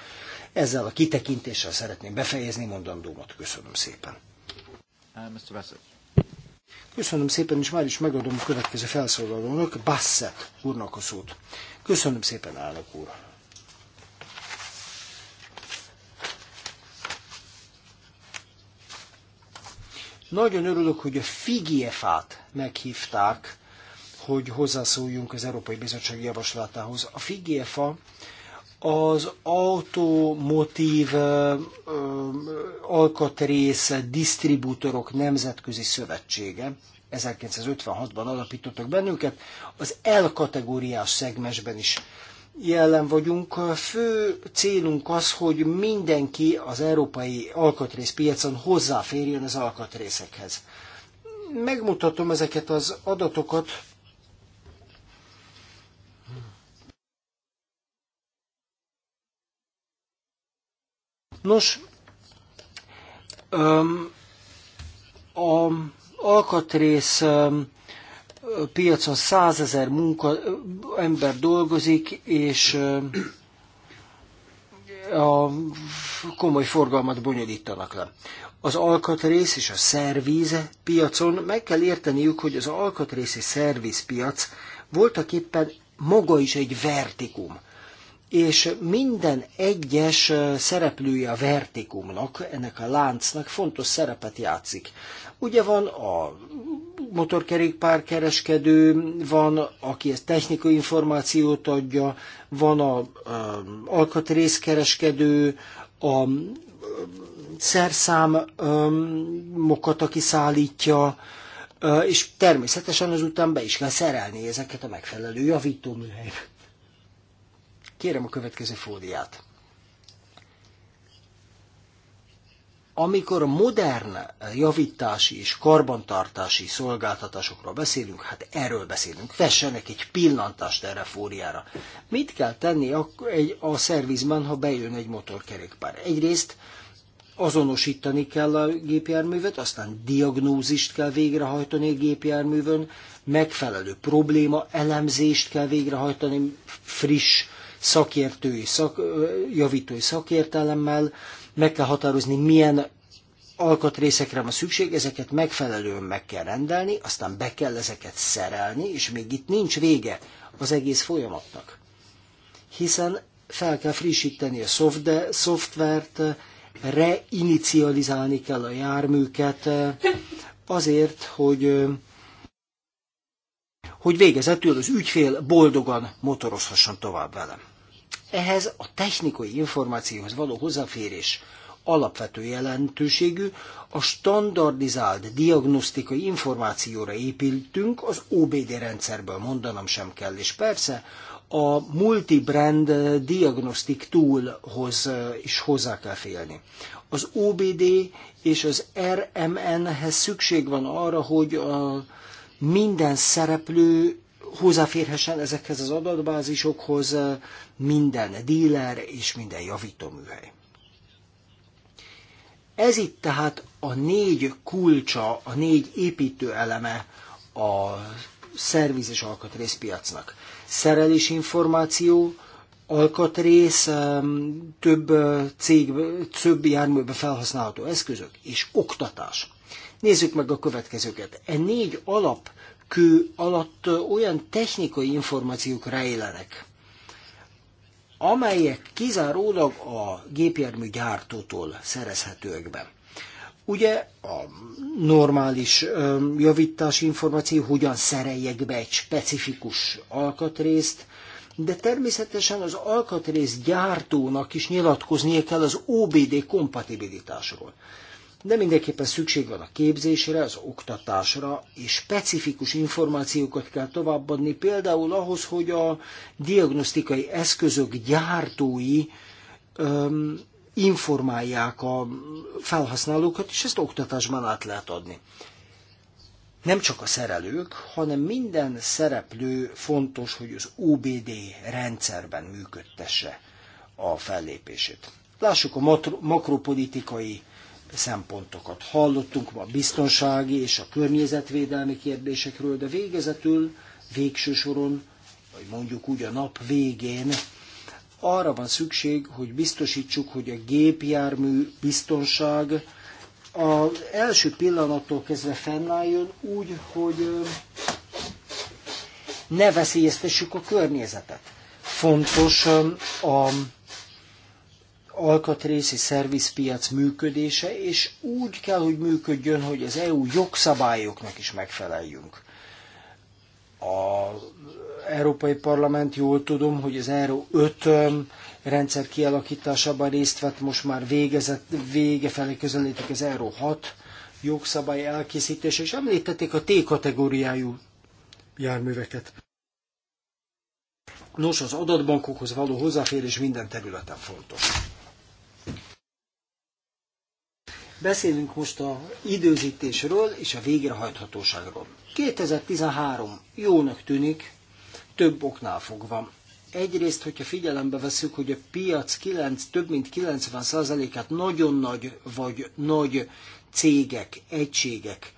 Ezzel a kitekintéssel szeretném befejezni mondandómat. Köszönöm szépen. Uh, Köszönöm szépen, és már is megadom a következő felszólalónak, Bassett úrnak a szót. Köszönöm szépen, elnök úr. Nagyon örülök, hogy a figiefát meghívták, hogy hozzászóljunk az Európai Bizottság javaslatához. A figiefa az automotív alkatrész disztribútorok nemzetközi szövetsége. 1956-ban alapítottak bennünket, az L kategóriás szegmensben is jelen vagyunk. A fő célunk az, hogy mindenki az európai alkatrészpiacon hozzáférjön az alkatrészekhez. Megmutatom ezeket az adatokat. Nos, a alkatrész piacon százezer munka, ember dolgozik, és a komoly forgalmat bonyolítanak le. Az alkatrész és a szervíz piacon meg kell érteniük, hogy az alkatrész és piac voltak éppen maga is egy vertikum. És minden egyes szereplője a vertikumnak, ennek a láncnak fontos szerepet játszik. Ugye van a kereskedő, van, aki ezt technikai információt adja, van a, a alkatrészkereskedő, a szerszámokat, aki szállítja, és természetesen azután be is kell szerelni ezeket a megfelelő javítóműhelybe. Kérem a következő fóliát. Amikor modern javítási és karbantartási szolgáltatásokról beszélünk, hát erről beszélünk. Vessenek egy pillantást erre fóriára. Mit kell tenni a, egy, a szervizben, ha bejön egy motorkerékpár? Egyrészt azonosítani kell a gépjárművet, aztán diagnózist kell végrehajtani a gépjárművön, megfelelő probléma elemzést kell végrehajtani friss szakértői, szak, javítói szakértelemmel, meg kell határozni, milyen alkatrészekre van szükség, ezeket megfelelően meg kell rendelni, aztán be kell ezeket szerelni, és még itt nincs vége az egész folyamatnak. Hiszen fel kell frissíteni a szoftvert, reinicializálni kell a járműket, azért, hogy hogy végezetül az ügyfél boldogan motorozhasson tovább velem. Ehhez a technikai információhoz való hozzáférés alapvető jelentőségű, a standardizált diagnosztikai információra építünk, az OBD rendszerből mondanom sem kell, és persze a multibrand diagnostic toolhoz is hozzá kell félni. Az OBD és az RMN-hez szükség van arra, hogy a minden szereplő hozzáférhessen ezekhez az adatbázisokhoz minden díler és minden javítóműhely. Ez itt tehát a négy kulcsa, a négy építő eleme a szerviz és piacnak. Szerelés információ, alkatrész, több cég, több járműben felhasználható eszközök és oktatás. Nézzük meg a következőket. E négy alap kő alatt olyan technikai információk rejlenek, amelyek kizárólag a gépjármű gyártótól szerezhetőek be. Ugye a normális javítási információ, hogyan szereljek be egy specifikus alkatrészt, de természetesen az alkatrész gyártónak is nyilatkoznia kell az OBD kompatibilitásról de mindenképpen szükség van a képzésre, az oktatásra, és specifikus információkat kell továbbadni, például ahhoz, hogy a diagnosztikai eszközök gyártói öm, informálják a felhasználókat, és ezt oktatásban át lehet adni. Nem csak a szerelők, hanem minden szereplő fontos, hogy az OBD rendszerben működtesse a fellépését. Lássuk a makropolitikai szempontokat. Hallottunk ma a biztonsági és a környezetvédelmi kérdésekről, de végezetül, végső soron, vagy mondjuk úgy a nap végén, arra van szükség, hogy biztosítsuk, hogy a gépjármű biztonság az első pillanattól kezdve fennálljon úgy, hogy ne veszélyeztessük a környezetet. Fontos a alkatrész és szervizpiac működése, és úgy kell, hogy működjön, hogy az EU jogszabályoknak is megfeleljünk. A Európai Parlament, jól tudom, hogy az Euró 5 rendszer kialakításában részt vett, most már végezett, vége felé közelítik az Euró 6 jogszabály elkészítése, és említették a T-kategóriájú járműveket. Nos, az adatbankokhoz való hozzáférés minden területen fontos. Beszélünk most a időzítésről és a végrehajthatóságról. 2013 jónak tűnik, több oknál fogva. Egyrészt, hogyha figyelembe veszük, hogy a piac 9, több mint 90%-át nagyon nagy vagy nagy cégek, egységek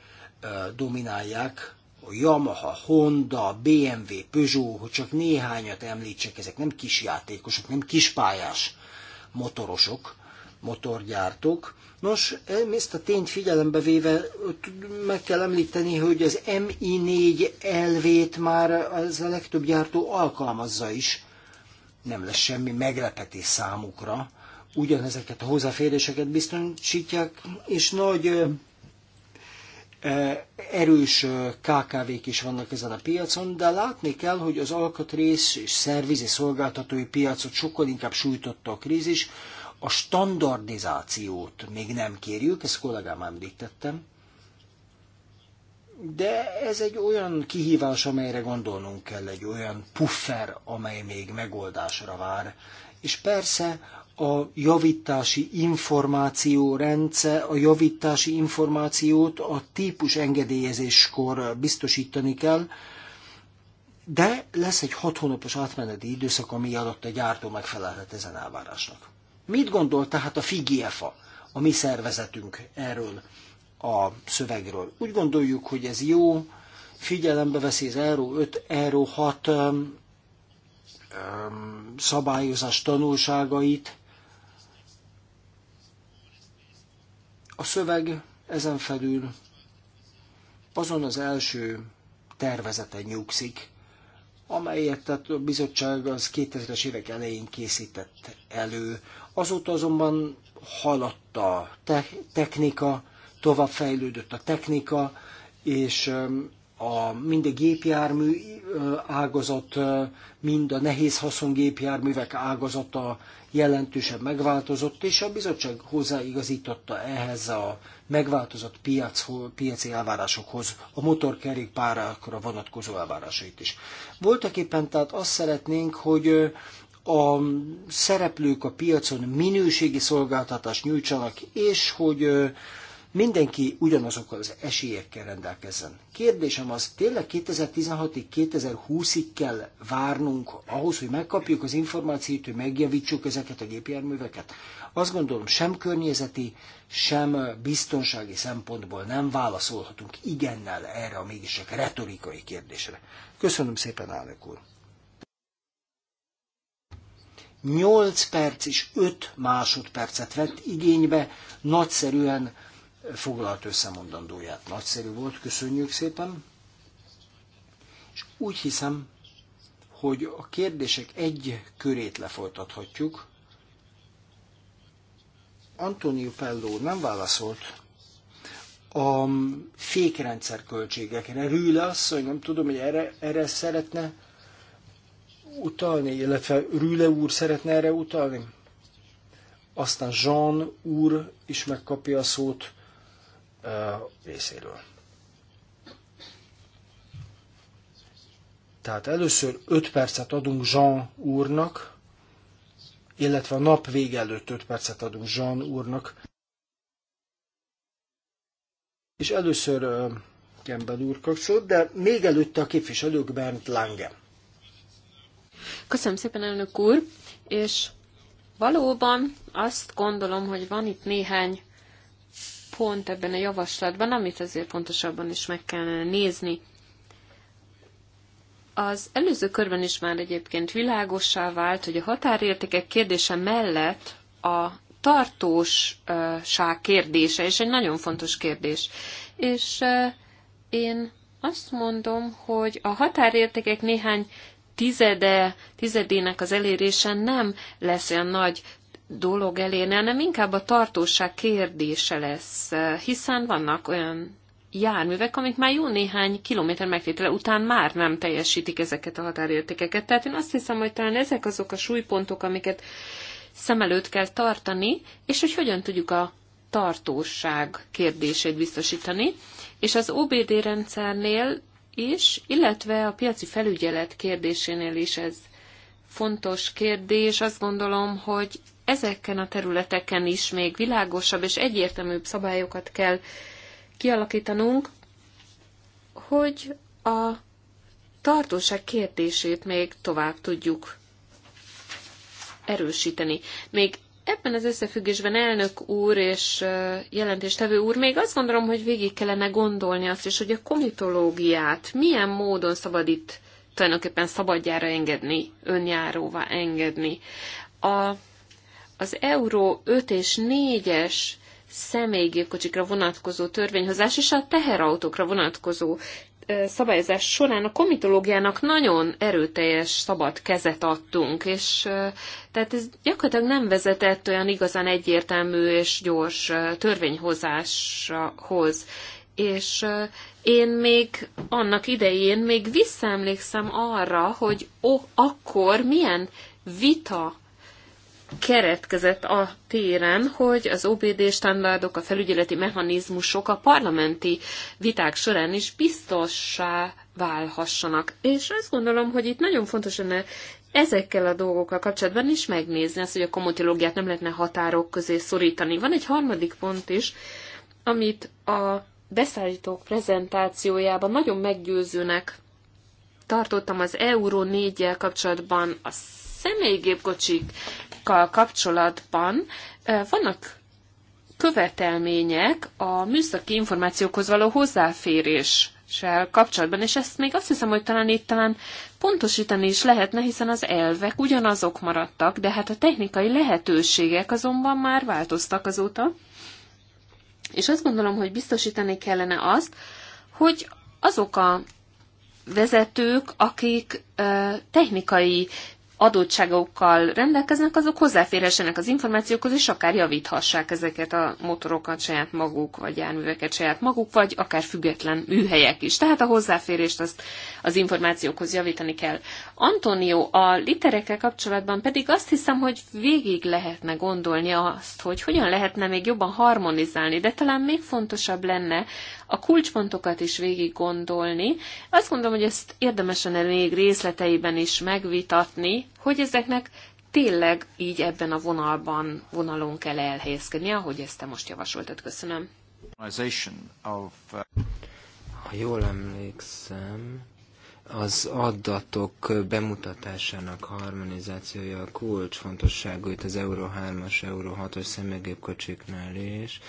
dominálják, a Yamaha, Honda, BMW, Peugeot, hogy csak néhányat említsek, ezek nem kis játékosok, nem kispályás motorosok, motorgyártók. Nos, ezt a tényt figyelembe véve meg kell említeni, hogy az MI4 elvét már az a legtöbb gyártó alkalmazza is. Nem lesz semmi meglepetés számukra. Ugyanezeket a hozzáféréseket biztosítják, és nagy erős KKV-k is vannak ezen a piacon, de látni kell, hogy az alkatrész és szervizi szolgáltatói piacot sokkal inkább sújtotta a krízis. A standardizációt még nem kérjük, ezt kollégám említettem, de ez egy olyan kihívás, amelyre gondolnunk kell, egy olyan puffer, amely még megoldásra vár. És persze a javítási információ rendszer, a javítási információt a típus engedélyezéskor biztosítani kell, de lesz egy hat hónapos átmeneti időszak, ami alatt a gyártó megfelelhet ezen elvárásnak. Mit gondol tehát a FIGIEFA, a mi szervezetünk erről a szövegről? Úgy gondoljuk, hogy ez jó, figyelembe veszi az Euró 5, Euró 6 um, um, szabályozás tanulságait. A szöveg ezen felül azon az első tervezete nyugszik, amelyet tehát a bizottság az 2000-es évek elején készített elő Azóta azonban haladt a te- technika, tovább fejlődött a technika, és a, mind a gépjármű ágazat, mind a nehéz haszon gépjárművek ágazata jelentősen megváltozott, és a bizottság hozzáigazította ehhez a megváltozott piac, piaci elvárásokhoz a motorkerékpárakra vonatkozó elvárásait is. Voltak éppen tehát azt szeretnénk, hogy a szereplők a piacon minőségi szolgáltatást nyújtsanak, és hogy mindenki ugyanazokkal az esélyekkel rendelkezzen. Kérdésem az, tényleg 2016-ig, 2020-ig kell várnunk ahhoz, hogy megkapjuk az információt, hogy megjavítsuk ezeket a gépjárműveket? Azt gondolom, sem környezeti, sem biztonsági szempontból nem válaszolhatunk igennel erre a mégis retorikai kérdésre. Köszönöm szépen, elnök úr! 8 perc és 5 másodpercet vett igénybe, nagyszerűen foglalt összemondandóját. Nagyszerű volt, köszönjük szépen. És úgy hiszem, hogy a kérdések egy körét lefolytathatjuk. Antonio Pelló nem válaszolt a fékrendszer költségekre. Rüle asszony, nem tudom, hogy erre, erre szeretne utalni, illetve Rüle úr szeretne erre utalni? Aztán Jean úr is megkapja a szót uh, részéről. Tehát először 5 percet adunk Jean úrnak, illetve a nap vége előtt 5 percet adunk Jean úrnak. És először uh, Campbell úr kapcsolat, de még előtte a képviselők Bernd Lange. Köszönöm szépen, elnök úr, és valóban azt gondolom, hogy van itt néhány pont ebben a javaslatban, amit azért pontosabban is meg kellene nézni. Az előző körben is már egyébként világossá vált, hogy a határértékek kérdése mellett a tartóság kérdése, és egy nagyon fontos kérdés. És eh, én azt mondom, hogy a határértékek néhány tizede, tizedének az elérése nem lesz olyan nagy dolog elérni, hanem inkább a tartóság kérdése lesz, hiszen vannak olyan járművek, amik már jó néhány kilométer megtétele után már nem teljesítik ezeket a határértékeket. Tehát én azt hiszem, hogy talán ezek azok a súlypontok, amiket szem előtt kell tartani, és hogy hogyan tudjuk a tartóság kérdését biztosítani. És az OBD rendszernél is, illetve a piaci felügyelet kérdésénél is ez fontos kérdés. Azt gondolom, hogy ezeken a területeken is még világosabb és egyértelműbb szabályokat kell kialakítanunk, hogy a tartóság kérdését még tovább tudjuk erősíteni. Még Ebben az összefüggésben elnök úr és jelentéstevő úr, még azt gondolom, hogy végig kellene gondolni azt is, hogy a komitológiát milyen módon szabad itt tulajdonképpen szabadjára engedni, önjáróvá engedni. A, az Euró 5 és 4-es személygépkocsikra vonatkozó törvényhozás és a teherautókra vonatkozó szabályozás során a komitológiának nagyon erőteljes szabad kezet adtunk, és tehát ez gyakorlatilag nem vezetett olyan igazán egyértelmű és gyors törvényhozáshoz. És én még annak idején még visszaemlékszem arra, hogy ó, akkor milyen vita keretkezett a téren, hogy az OBD standardok, a felügyeleti mechanizmusok a parlamenti viták során is biztossá válhassanak. És azt gondolom, hogy itt nagyon fontos lenne ezekkel a dolgokkal kapcsolatban is megnézni azt, hogy a komotilógiát nem lehetne határok közé szorítani. Van egy harmadik pont is, amit a beszállítók prezentációjában nagyon meggyőzőnek tartottam az Euró 4-jel kapcsolatban a személygépkocsik műanyagokkal kapcsolatban vannak követelmények a műszaki információkhoz való hozzáférés kapcsolatban, és ezt még azt hiszem, hogy talán itt talán pontosítani is lehetne, hiszen az elvek ugyanazok maradtak, de hát a technikai lehetőségek azonban már változtak azóta. És azt gondolom, hogy biztosítani kellene azt, hogy azok a vezetők, akik technikai adottságokkal rendelkeznek, azok hozzáférhessenek az információkhoz, és akár javíthassák ezeket a motorokat saját maguk, vagy járműveket saját maguk, vagy akár független műhelyek is. Tehát a hozzáférést azt az információkhoz javítani kell. Antonio, a literekkel kapcsolatban pedig azt hiszem, hogy végig lehetne gondolni azt, hogy hogyan lehetne még jobban harmonizálni, de talán még fontosabb lenne a kulcspontokat is végig gondolni. Azt gondolom, hogy ezt érdemesen még részleteiben is megvitatni, hogy ezeknek tényleg így ebben a vonalban, vonalon kell elhelyezkedni, ahogy ezt te most javasoltad. Köszönöm. Uh, ha jól emlékszem, az adatok bemutatásának harmonizációja a kulcsfontosságú itt az Euro 3-as, Euro 6 as szemegépkocsiknál is,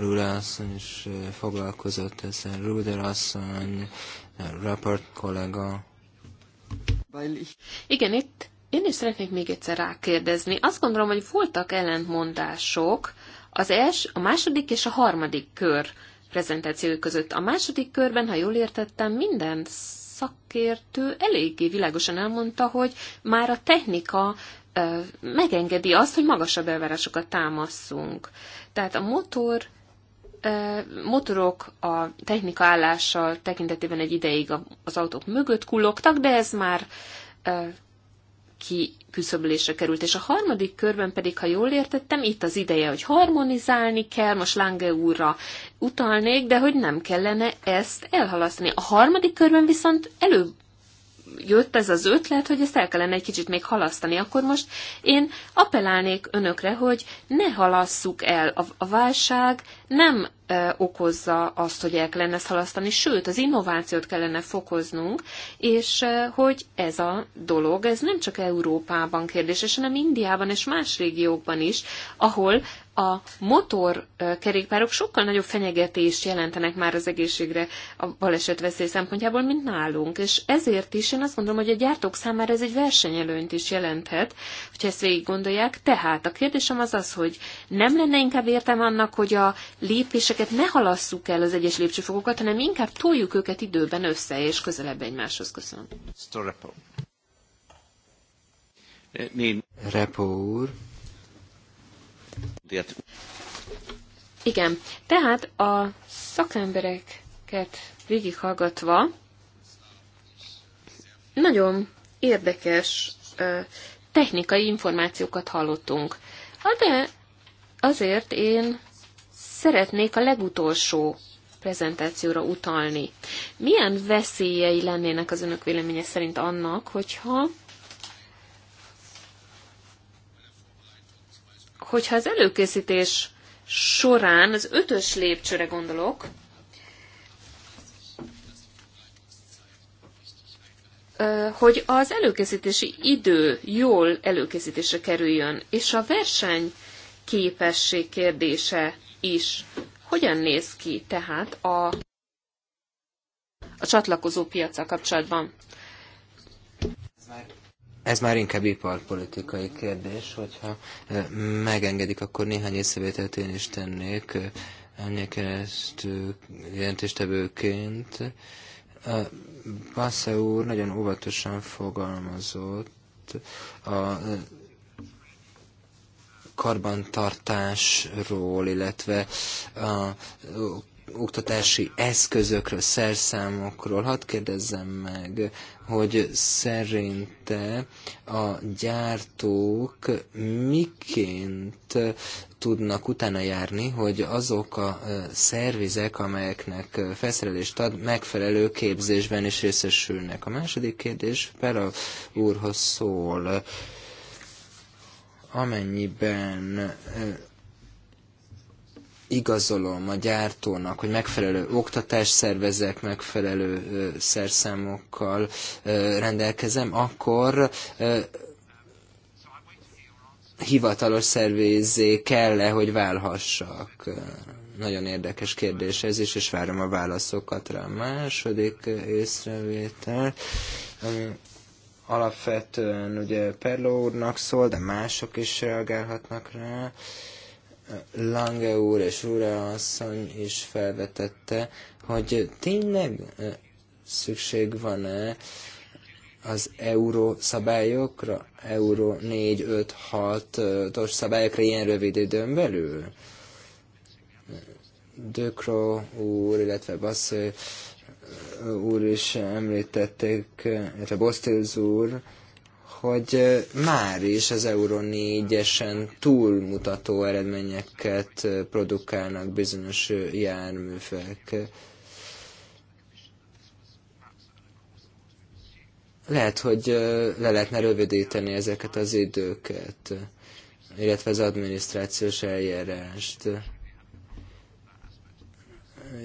Rúda asszony is foglalkozott ezzel, Rúda asszony, Rapport kollega. Igen, itt én is szeretnék még egyszer rákérdezni. Azt gondolom, hogy voltak ellentmondások az első, a második és a harmadik kör prezentációi között. A második körben, ha jól értettem, minden szakértő eléggé világosan elmondta, hogy már a technika megengedi azt, hogy magasabb elvárásokat támaszunk. Tehát a motor motorok a technika állással tekintetében egy ideig az autók mögött kullogtak, de ez már kiküszöbölésre került. És a harmadik körben pedig, ha jól értettem, itt az ideje, hogy harmonizálni kell, most Lange úrra utalnék, de hogy nem kellene ezt elhalasztani. A harmadik körben viszont előbb jött ez az ötlet, hogy ezt el kellene egy kicsit még halasztani, akkor most én apelálnék önökre, hogy ne halasszuk el. A, a válság nem e, okozza azt, hogy el kellene ezt halasztani, sőt, az innovációt kellene fokoznunk, és e, hogy ez a dolog, ez nem csak Európában kérdéses, hanem Indiában és más régiókban is, ahol a motorkerékpárok sokkal nagyobb fenyegetést jelentenek már az egészségre a veszély szempontjából, mint nálunk. És ezért is én azt gondolom, hogy a gyártók számára ez egy versenyelőnyt is jelenthet, hogyha ezt végig gondolják. Tehát a kérdésem az az, hogy nem lenne inkább értelme annak, hogy a lépéseket ne halasszuk el az egyes lépcsőfokokat, hanem inkább toljuk őket időben össze és közelebb egymáshoz. Köszönöm. Repo úr. Igen, tehát a szakembereket végighallgatva nagyon érdekes technikai információkat hallottunk. Hát de azért én szeretnék a legutolsó prezentációra utalni. Milyen veszélyei lennének az önök véleménye szerint annak, hogyha hogyha az előkészítés során az ötös lépcsőre gondolok, hogy az előkészítési idő jól előkészítésre kerüljön, és a verseny képesség kérdése is. Hogyan néz ki tehát a, a csatlakozó piaca kapcsolatban? ez már inkább iparpolitikai kérdés, hogyha megengedik, akkor néhány észrevételt én is tennék emlékeztő jelentéstevőként. Basse úr nagyon óvatosan fogalmazott a karbantartásról, illetve a oktatási eszközökről, szerszámokról. Hadd kérdezzem meg, hogy szerinte a gyártók miként tudnak utána járni, hogy azok a szervizek, amelyeknek felszerelést ad, megfelelő képzésben is részesülnek. A második kérdés Pera úrhoz szól. Amennyiben igazolom a gyártónak, hogy megfelelő oktatást szervezek, megfelelő szerszámokkal rendelkezem, akkor hivatalos szervézé kell-e, hogy válhassak? Nagyon érdekes kérdés ez is, és várom a válaszokat rá. A második észrevétel, ami alapvetően ugye Perló úrnak szól, de mások is reagálhatnak rá. Lange úr és Rúra asszony is felvetette, hogy tényleg szükség van-e az euró szabályokra, euró 4, 5, 6-os szabályokra ilyen rövid időn belül? Dökro úr, illetve Bassz úr is említették, illetve Bosztilz úr, hogy már is az Euro 4-esen túlmutató eredményeket produkálnak bizonyos járművek. Lehet, hogy le lehetne rövidíteni ezeket az időket, illetve az adminisztrációs eljárást.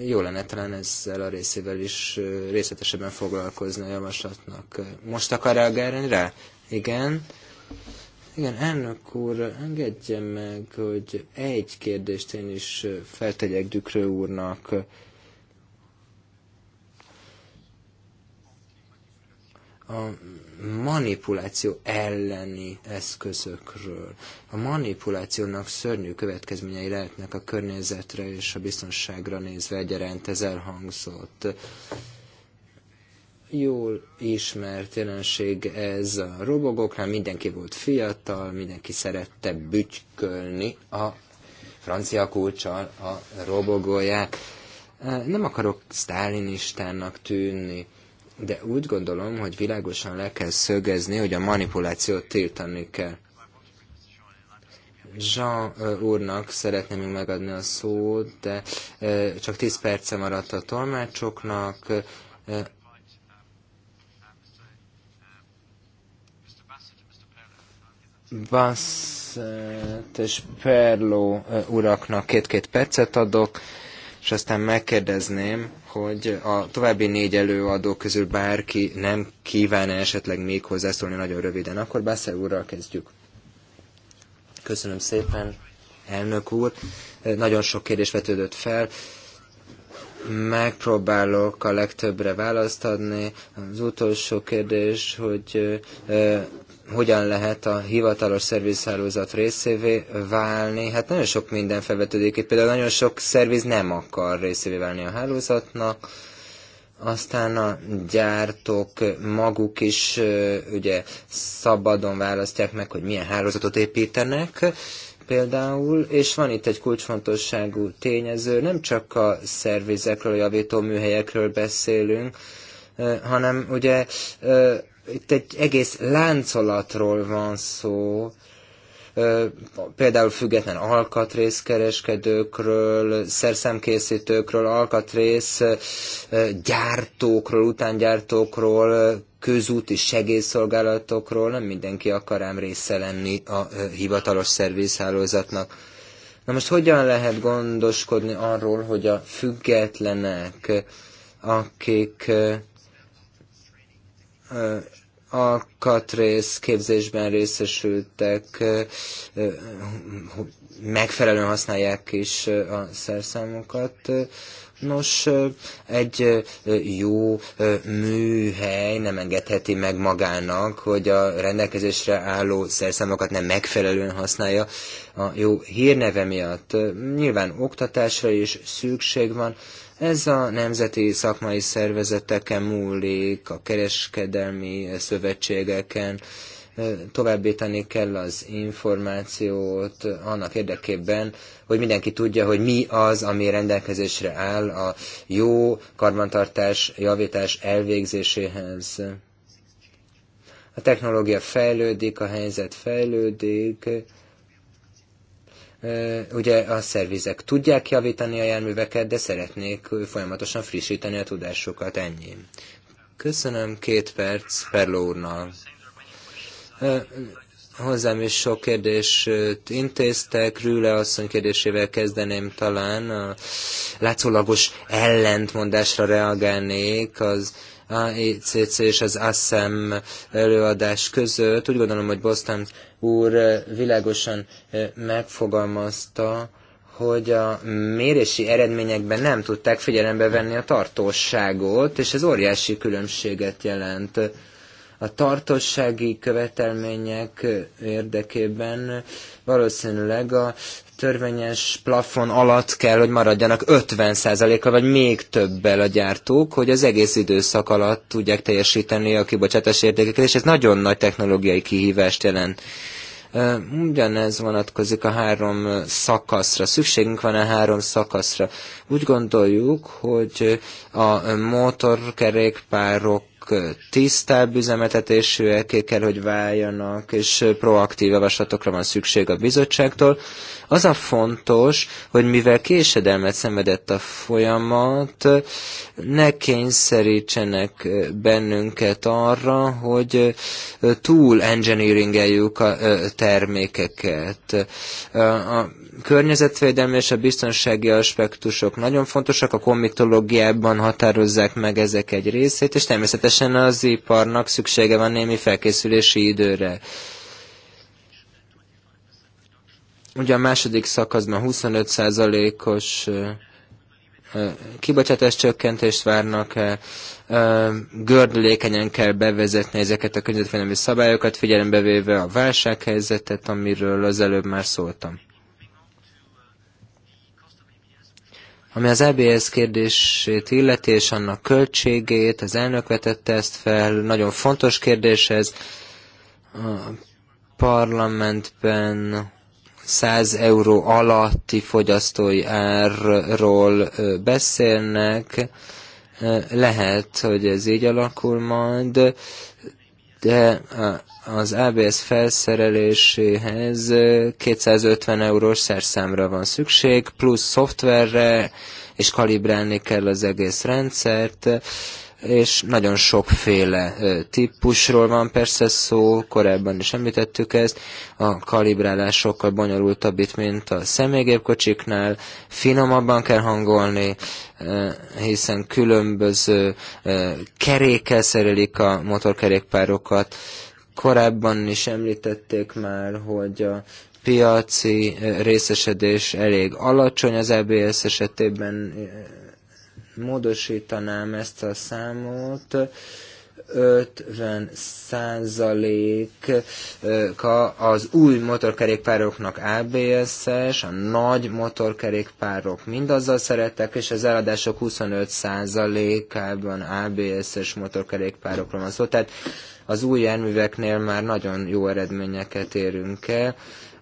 Jó lenne talán ezzel a részével is részletesebben foglalkozni a javaslatnak. Most akar reagálni rá? Igen. Igen, elnök úr, engedje meg, hogy egy kérdést én is feltegyek Dükrő úrnak. A manipuláció elleni eszközökről. A manipulációnak szörnyű következményei lehetnek a környezetre és a biztonságra nézve egyaránt ez elhangzott jól ismert jelenség ez a robogoknál, mindenki volt fiatal, mindenki szerette bütykölni a francia kulcsal a robogóját. Nem akarok sztálinistának tűnni, de úgy gondolom, hogy világosan le kell szögezni, hogy a manipulációt tiltani kell. Jean úrnak szeretném még megadni a szót, de csak 10 perce maradt a tolmácsoknak. Basszett eh, és Perló eh, uraknak két-két percet adok, és aztán megkérdezném, hogy a további négy előadó közül bárki nem kíván -e esetleg még hozzászólni nagyon röviden. Akkor Basszett úrral kezdjük. Köszönöm szépen, elnök úr. Eh, nagyon sok kérdés vetődött fel megpróbálok a legtöbbre választ adni. Az utolsó kérdés, hogy hogyan lehet a hivatalos szervizhálózat részévé válni. Hát nagyon sok minden felvetődik itt, például nagyon sok szerviz nem akar részévé válni a hálózatnak, aztán a gyártók maguk is ugye szabadon választják meg, hogy milyen hálózatot építenek, például, és van itt egy kulcsfontosságú tényező, nem csak a szervizekről, a javító műhelyekről beszélünk, hanem ugye itt egy egész láncolatról van szó, például független alkatrészkereskedőkről, szerszámkészítőkről, alkatrész gyártókról, utángyártókról, közúti segélyszolgálatokról, nem mindenki akar ám része lenni a hivatalos szervizhálózatnak. Na most hogyan lehet gondoskodni arról, hogy a függetlenek, akik alkatrész képzésben részesültek, megfelelően használják is a szerszámokat. Nos, egy jó műhely nem engedheti meg magának, hogy a rendelkezésre álló szerszámokat nem megfelelően használja a jó hírneve miatt. Nyilván oktatásra is szükség van, ez a nemzeti szakmai szervezeteken múlik, a kereskedelmi szövetségeken, továbbítani kell az információt annak érdekében, hogy mindenki tudja, hogy mi az, ami rendelkezésre áll a jó karbantartás, javítás elvégzéséhez. A technológia fejlődik, a helyzet fejlődik, ugye a szervizek tudják javítani a járműveket, de szeretnék folyamatosan frissíteni a tudásukat, ennyi. Köszönöm két perc Perló úrnak. Hozzám is sok kérdést intéztek, Rüle asszony kérdésével kezdeném talán. A látszólagos ellentmondásra reagálnék az AECC és az ASSEM előadás között. Úgy gondolom, hogy Boston úr világosan megfogalmazta, hogy a mérési eredményekben nem tudták figyelembe venni a tartóságot, és ez óriási különbséget jelent a tartossági követelmények érdekében valószínűleg a törvényes plafon alatt kell, hogy maradjanak 50%-kal, vagy még többel a gyártók, hogy az egész időszak alatt tudják teljesíteni a kibocsátás értékeket, és ez nagyon nagy technológiai kihívást jelent. Ugyanez vonatkozik a három szakaszra. Szükségünk van a három szakaszra. Úgy gondoljuk, hogy a motorkerékpárok tisztább üzemeltetésűek kell, hogy váljanak, és proaktív javaslatokra van szükség a bizottságtól. Az a fontos, hogy mivel késedelmet szenvedett a folyamat, ne kényszerítsenek bennünket arra, hogy túl engineeringeljük a termékeket környezetvédelmi és a biztonsági aspektusok nagyon fontosak, a komitológiában határozzák meg ezek egy részét, és természetesen az iparnak szüksége van némi felkészülési időre. Ugye a második szakaszban 25%-os kibocsátás csökkentést várnak, gördülékenyen kell bevezetni ezeket a környezetvédelmi szabályokat, figyelembe véve a válsághelyzetet, amiről az előbb már szóltam. Ami az EBS kérdését illeti, és annak költségét, az elnök vetette ezt fel, nagyon fontos kérdés ez. A parlamentben 100 euró alatti fogyasztói árról beszélnek, lehet, hogy ez így alakul majd, de az ABS felszereléséhez 250 eurós szerszámra van szükség, plusz szoftverre, és kalibrálni kell az egész rendszert és nagyon sokféle típusról van persze szó, korábban is említettük ezt, a kalibrálás sokkal bonyolultabb itt, mint a személygépkocsiknál, finomabban kell hangolni, hiszen különböző kerékkel szerelik a motorkerékpárokat, korábban is említették már, hogy a piaci részesedés elég alacsony az ABS esetében, módosítanám ezt a számot, 50 százaléka az új motorkerékpároknak ABS-es, a nagy motorkerékpárok azzal szerettek, és az eladások 25 százalékában ABS-es motorkerékpárokról van szó. Tehát az új járműveknél már nagyon jó eredményeket érünk el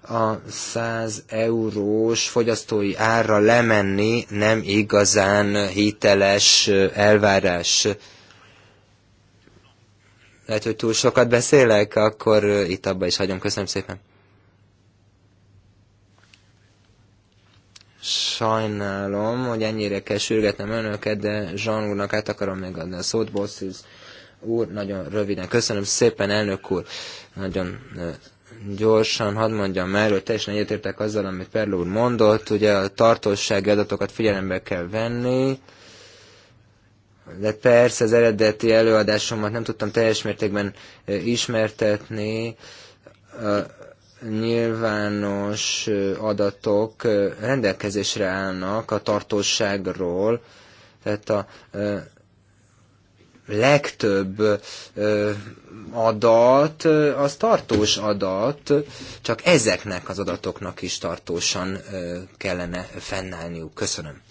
a 100 eurós fogyasztói árra lemenni nem igazán hiteles elvárás. Lehet, hogy túl sokat beszélek, akkor itt abba is hagyom. Köszönöm szépen. Sajnálom, hogy ennyire kell sürgetnem önöket, de Zsan úrnak át akarom megadni a szót, bosszúz úr, nagyon röviden. Köszönöm szépen, elnök úr. Nagyon gyorsan hadd mondjam el, hogy teljesen egyetértek azzal, amit Perló úr mondott, ugye a tartósági adatokat figyelembe kell venni, de persze az eredeti előadásomat nem tudtam teljes mértékben eh, ismertetni. Nyilvános eh, adatok eh, rendelkezésre állnak a tartóságról, tehát a legtöbb adat az tartós adat, csak ezeknek az adatoknak is tartósan kellene fennállniuk. Köszönöm.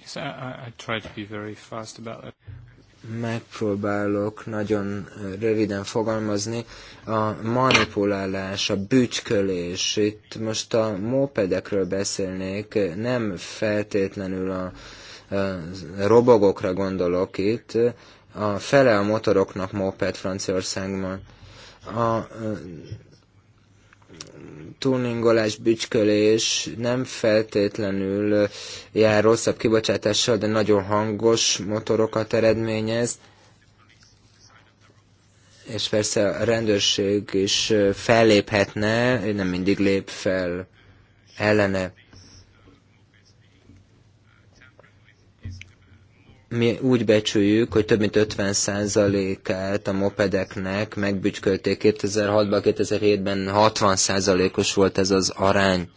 Yes, I, I try to be very fast about it megpróbálok nagyon röviden fogalmazni, a manipulálás, a bütykölés, itt most a mópedekről beszélnék, nem feltétlenül a, a robogokra gondolok itt, a fele a motoroknak móped Franciaországban. A tuningolás, bücskölés nem feltétlenül jár rosszabb kibocsátással, de nagyon hangos motorokat eredményez. És persze a rendőrség is felléphetne, nem mindig lép fel ellene. mi úgy becsüljük, hogy több mint 50%-át a mopedeknek megbücskölték 2006-ban, 2007-ben 60%-os volt ez az arány.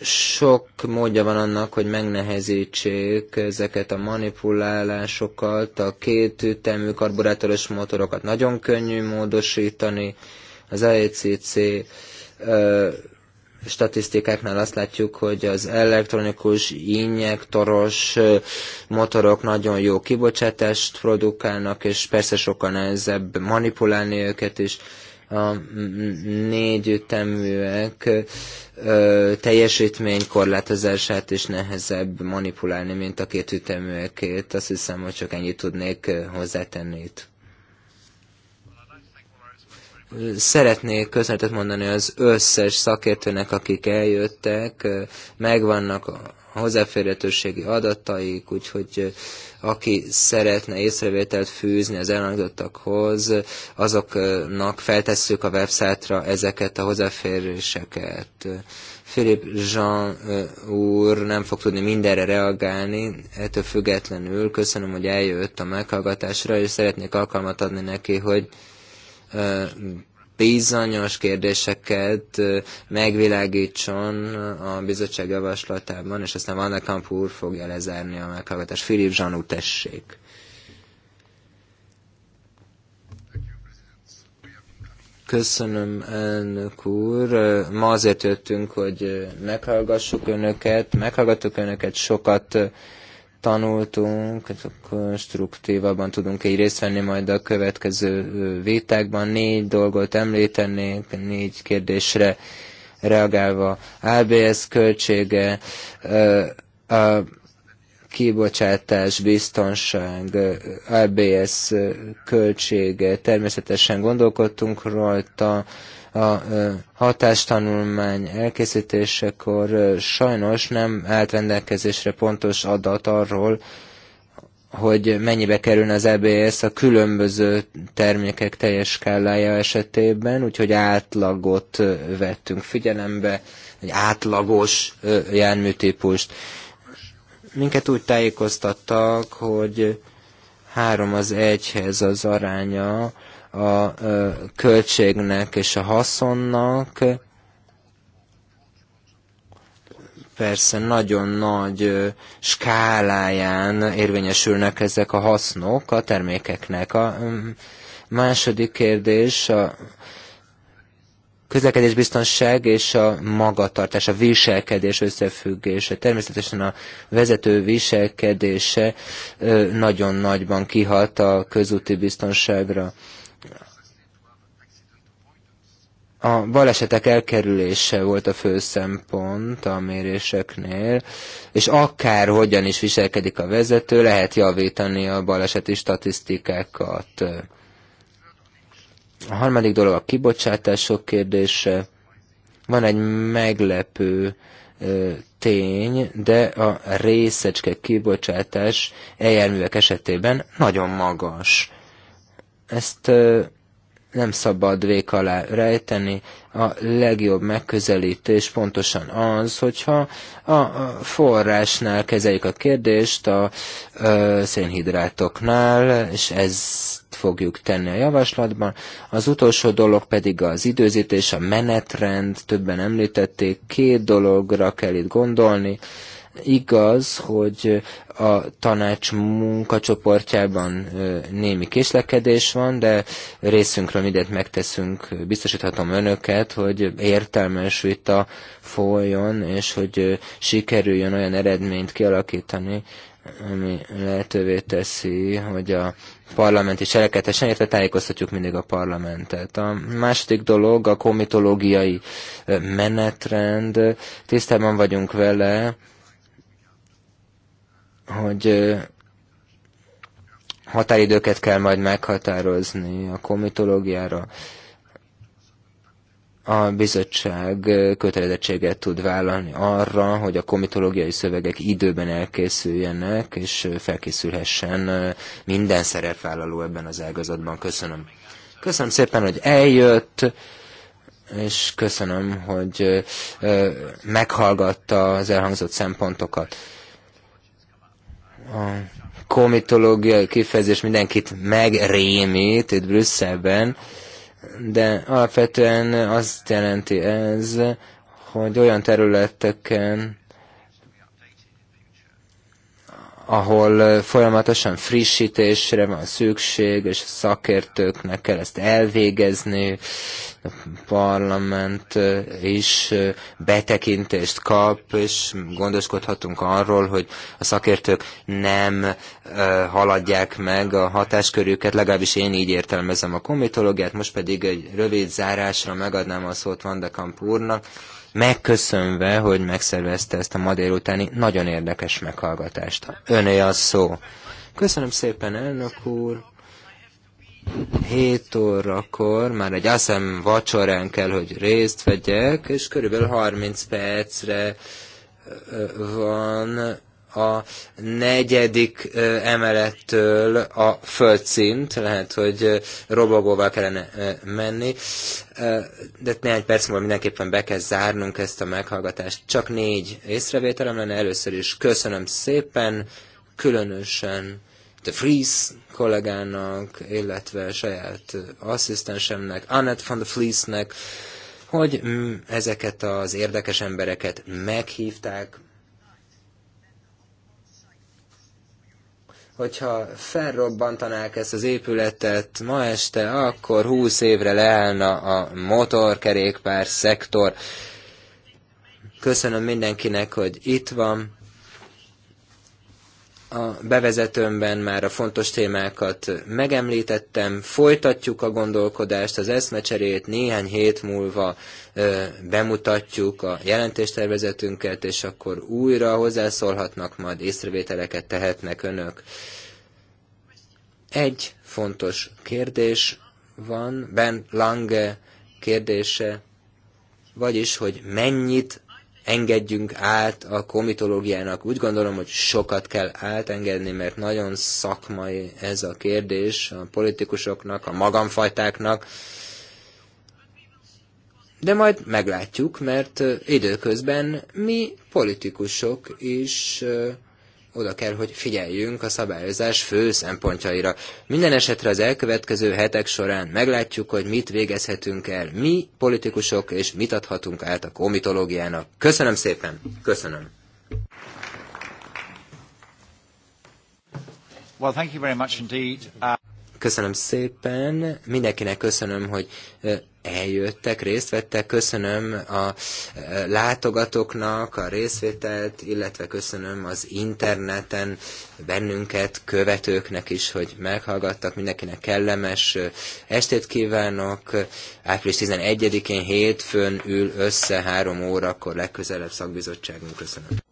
Sok módja van annak, hogy megnehezítsék ezeket a manipulálásokat, a két ütemű karburátoros motorokat nagyon könnyű módosítani, az AECC statisztikáknál azt látjuk, hogy az elektronikus injektoros motorok nagyon jó kibocsátást produkálnak, és persze sokkal nehezebb manipulálni őket is. A négy üteműek ö, teljesítmény korlátozását is nehezebb manipulálni, mint a két üteműekét. Azt hiszem, hogy csak ennyit tudnék hozzátenni itt. Szeretnék köszönetet mondani az összes szakértőnek, akik eljöttek, megvannak a hozzáférhetőségi adataik, úgyhogy eh, aki szeretne észrevételt fűzni az elhangzottakhoz, azoknak feltesszük a websájtra ezeket a hozzáféréseket. Philip Jean eh, úr nem fog tudni mindenre reagálni, ettől függetlenül köszönöm, hogy eljött a meghallgatásra, és szeretnék alkalmat adni neki, hogy bizonyos kérdéseket megvilágítson a bizottság javaslatában, és aztán Van Kamp úr fogja lezárni a meghallgatás. Filip Zsanú, tessék! Köszönöm, elnök úr. Ma azért jöttünk, hogy meghallgassuk önöket, meghallgattuk önöket, sokat tanultunk, konstruktívabban tudunk így részt venni majd a következő vétákban. Négy dolgot említenék, négy kérdésre reagálva. ABS költsége, a kibocsátás, biztonság, ABS költsége, természetesen gondolkodtunk rajta, a hatástanulmány elkészítésekor sajnos nem állt rendelkezésre pontos adat arról, hogy mennyibe kerül az EBS a különböző termékek teljes skálája esetében, úgyhogy átlagot vettünk figyelembe, egy átlagos járműtípust. Minket úgy tájékoztattak, hogy három az egyhez az aránya a költségnek és a haszonnak. Persze nagyon nagy skáláján érvényesülnek ezek a hasznok a termékeknek. A második kérdés a közlekedésbiztonság és a magatartás, a viselkedés összefüggése. Természetesen a vezető viselkedése nagyon nagyban kihat a közúti biztonságra. A balesetek elkerülése volt a fő szempont a méréseknél, és akár hogyan is viselkedik a vezető, lehet javítani a baleseti statisztikákat. A harmadik dolog a kibocsátások kérdése. Van egy meglepő tény, de a részecske kibocsátás eljárművek esetében nagyon magas. Ezt nem szabad vék alá rejteni. A legjobb megközelítés pontosan az, hogyha a forrásnál kezeljük a kérdést, a szénhidrátoknál, és ezt fogjuk tenni a javaslatban. Az utolsó dolog pedig az időzítés, a menetrend, többen említették, két dologra kell itt gondolni. Igaz, hogy a tanács munkacsoportjában némi késlekedés van, de részünkről mindent megteszünk. Biztosíthatom önöket, hogy értelmes vita folyjon, és hogy sikerüljön olyan eredményt kialakítani, ami lehetővé teszi, hogy a parlamenti cselekedhessen, illetve tájékoztatjuk mindig a parlamentet. A második dolog a komitológiai menetrend. Tisztában vagyunk vele, hogy határidőket kell majd meghatározni a komitológiára. A bizottság kötelezettséget tud vállalni arra, hogy a komitológiai szövegek időben elkészüljenek, és felkészülhessen minden szerepvállaló ebben az ágazatban. Köszönöm. Köszönöm szépen, hogy eljött és köszönöm, hogy meghallgatta az elhangzott szempontokat a komitológiai kifejezés mindenkit megrémít itt Brüsszelben, de alapvetően azt jelenti ez, hogy olyan területeken, ahol folyamatosan frissítésre van szükség, és a szakértőknek kell ezt elvégezni, a parlament is betekintést kap, és gondoskodhatunk arról, hogy a szakértők nem haladják meg a hatáskörüket, legalábbis én így értelmezem a komitológiát, most pedig egy rövid zárásra megadnám a szót Vandekamp úrnak, megköszönve, hogy megszervezte ezt a ma délutáni nagyon érdekes meghallgatást. Öné a szó. Köszönöm szépen, elnök úr. 7 órakor már egy aszem vacsorán kell, hogy részt vegyek, és körülbelül 30 percre van a negyedik emelettől a földszint, lehet, hogy robogóval kellene menni, de néhány perc múlva mindenképpen be kell zárnunk ezt a meghallgatást. Csak négy észrevételem lenne először is. Köszönöm szépen, különösen de Vries kollégának, illetve saját asszisztensemnek, Annette The Fleece-nek, hogy ezeket az érdekes embereket meghívták, hogyha felrobbantanák ezt az épületet ma este, akkor húsz évre leállna a motorkerékpár szektor. Köszönöm mindenkinek, hogy itt van. A bevezetőmben már a fontos témákat megemlítettem, folytatjuk a gondolkodást, az eszmecserét, néhány hét múlva ö, bemutatjuk a jelentéstervezetünket, és akkor újra hozzászólhatnak, majd észrevételeket tehetnek önök. Egy fontos kérdés van, Ben Lange kérdése, vagyis, hogy mennyit engedjünk át a komitológiának. Úgy gondolom, hogy sokat kell átengedni, mert nagyon szakmai ez a kérdés a politikusoknak, a magamfajtáknak, de majd meglátjuk, mert időközben mi politikusok is oda kell, hogy figyeljünk a szabályozás fő szempontjaira. Minden esetre az elkövetkező hetek során meglátjuk, hogy mit végezhetünk el mi politikusok, és mit adhatunk át a komitológiának. Köszönöm szépen! Köszönöm! Well, thank you very much indeed. Uh... Köszönöm szépen, mindenkinek köszönöm, hogy eljöttek, részt vettek. Köszönöm a e, látogatóknak a részvételt, illetve köszönöm az interneten bennünket, követőknek is, hogy meghallgattak. Mindenkinek kellemes e, estét kívánok. Április 11-én hétfőn ül össze három órakor legközelebb szakbizottságunk. Köszönöm.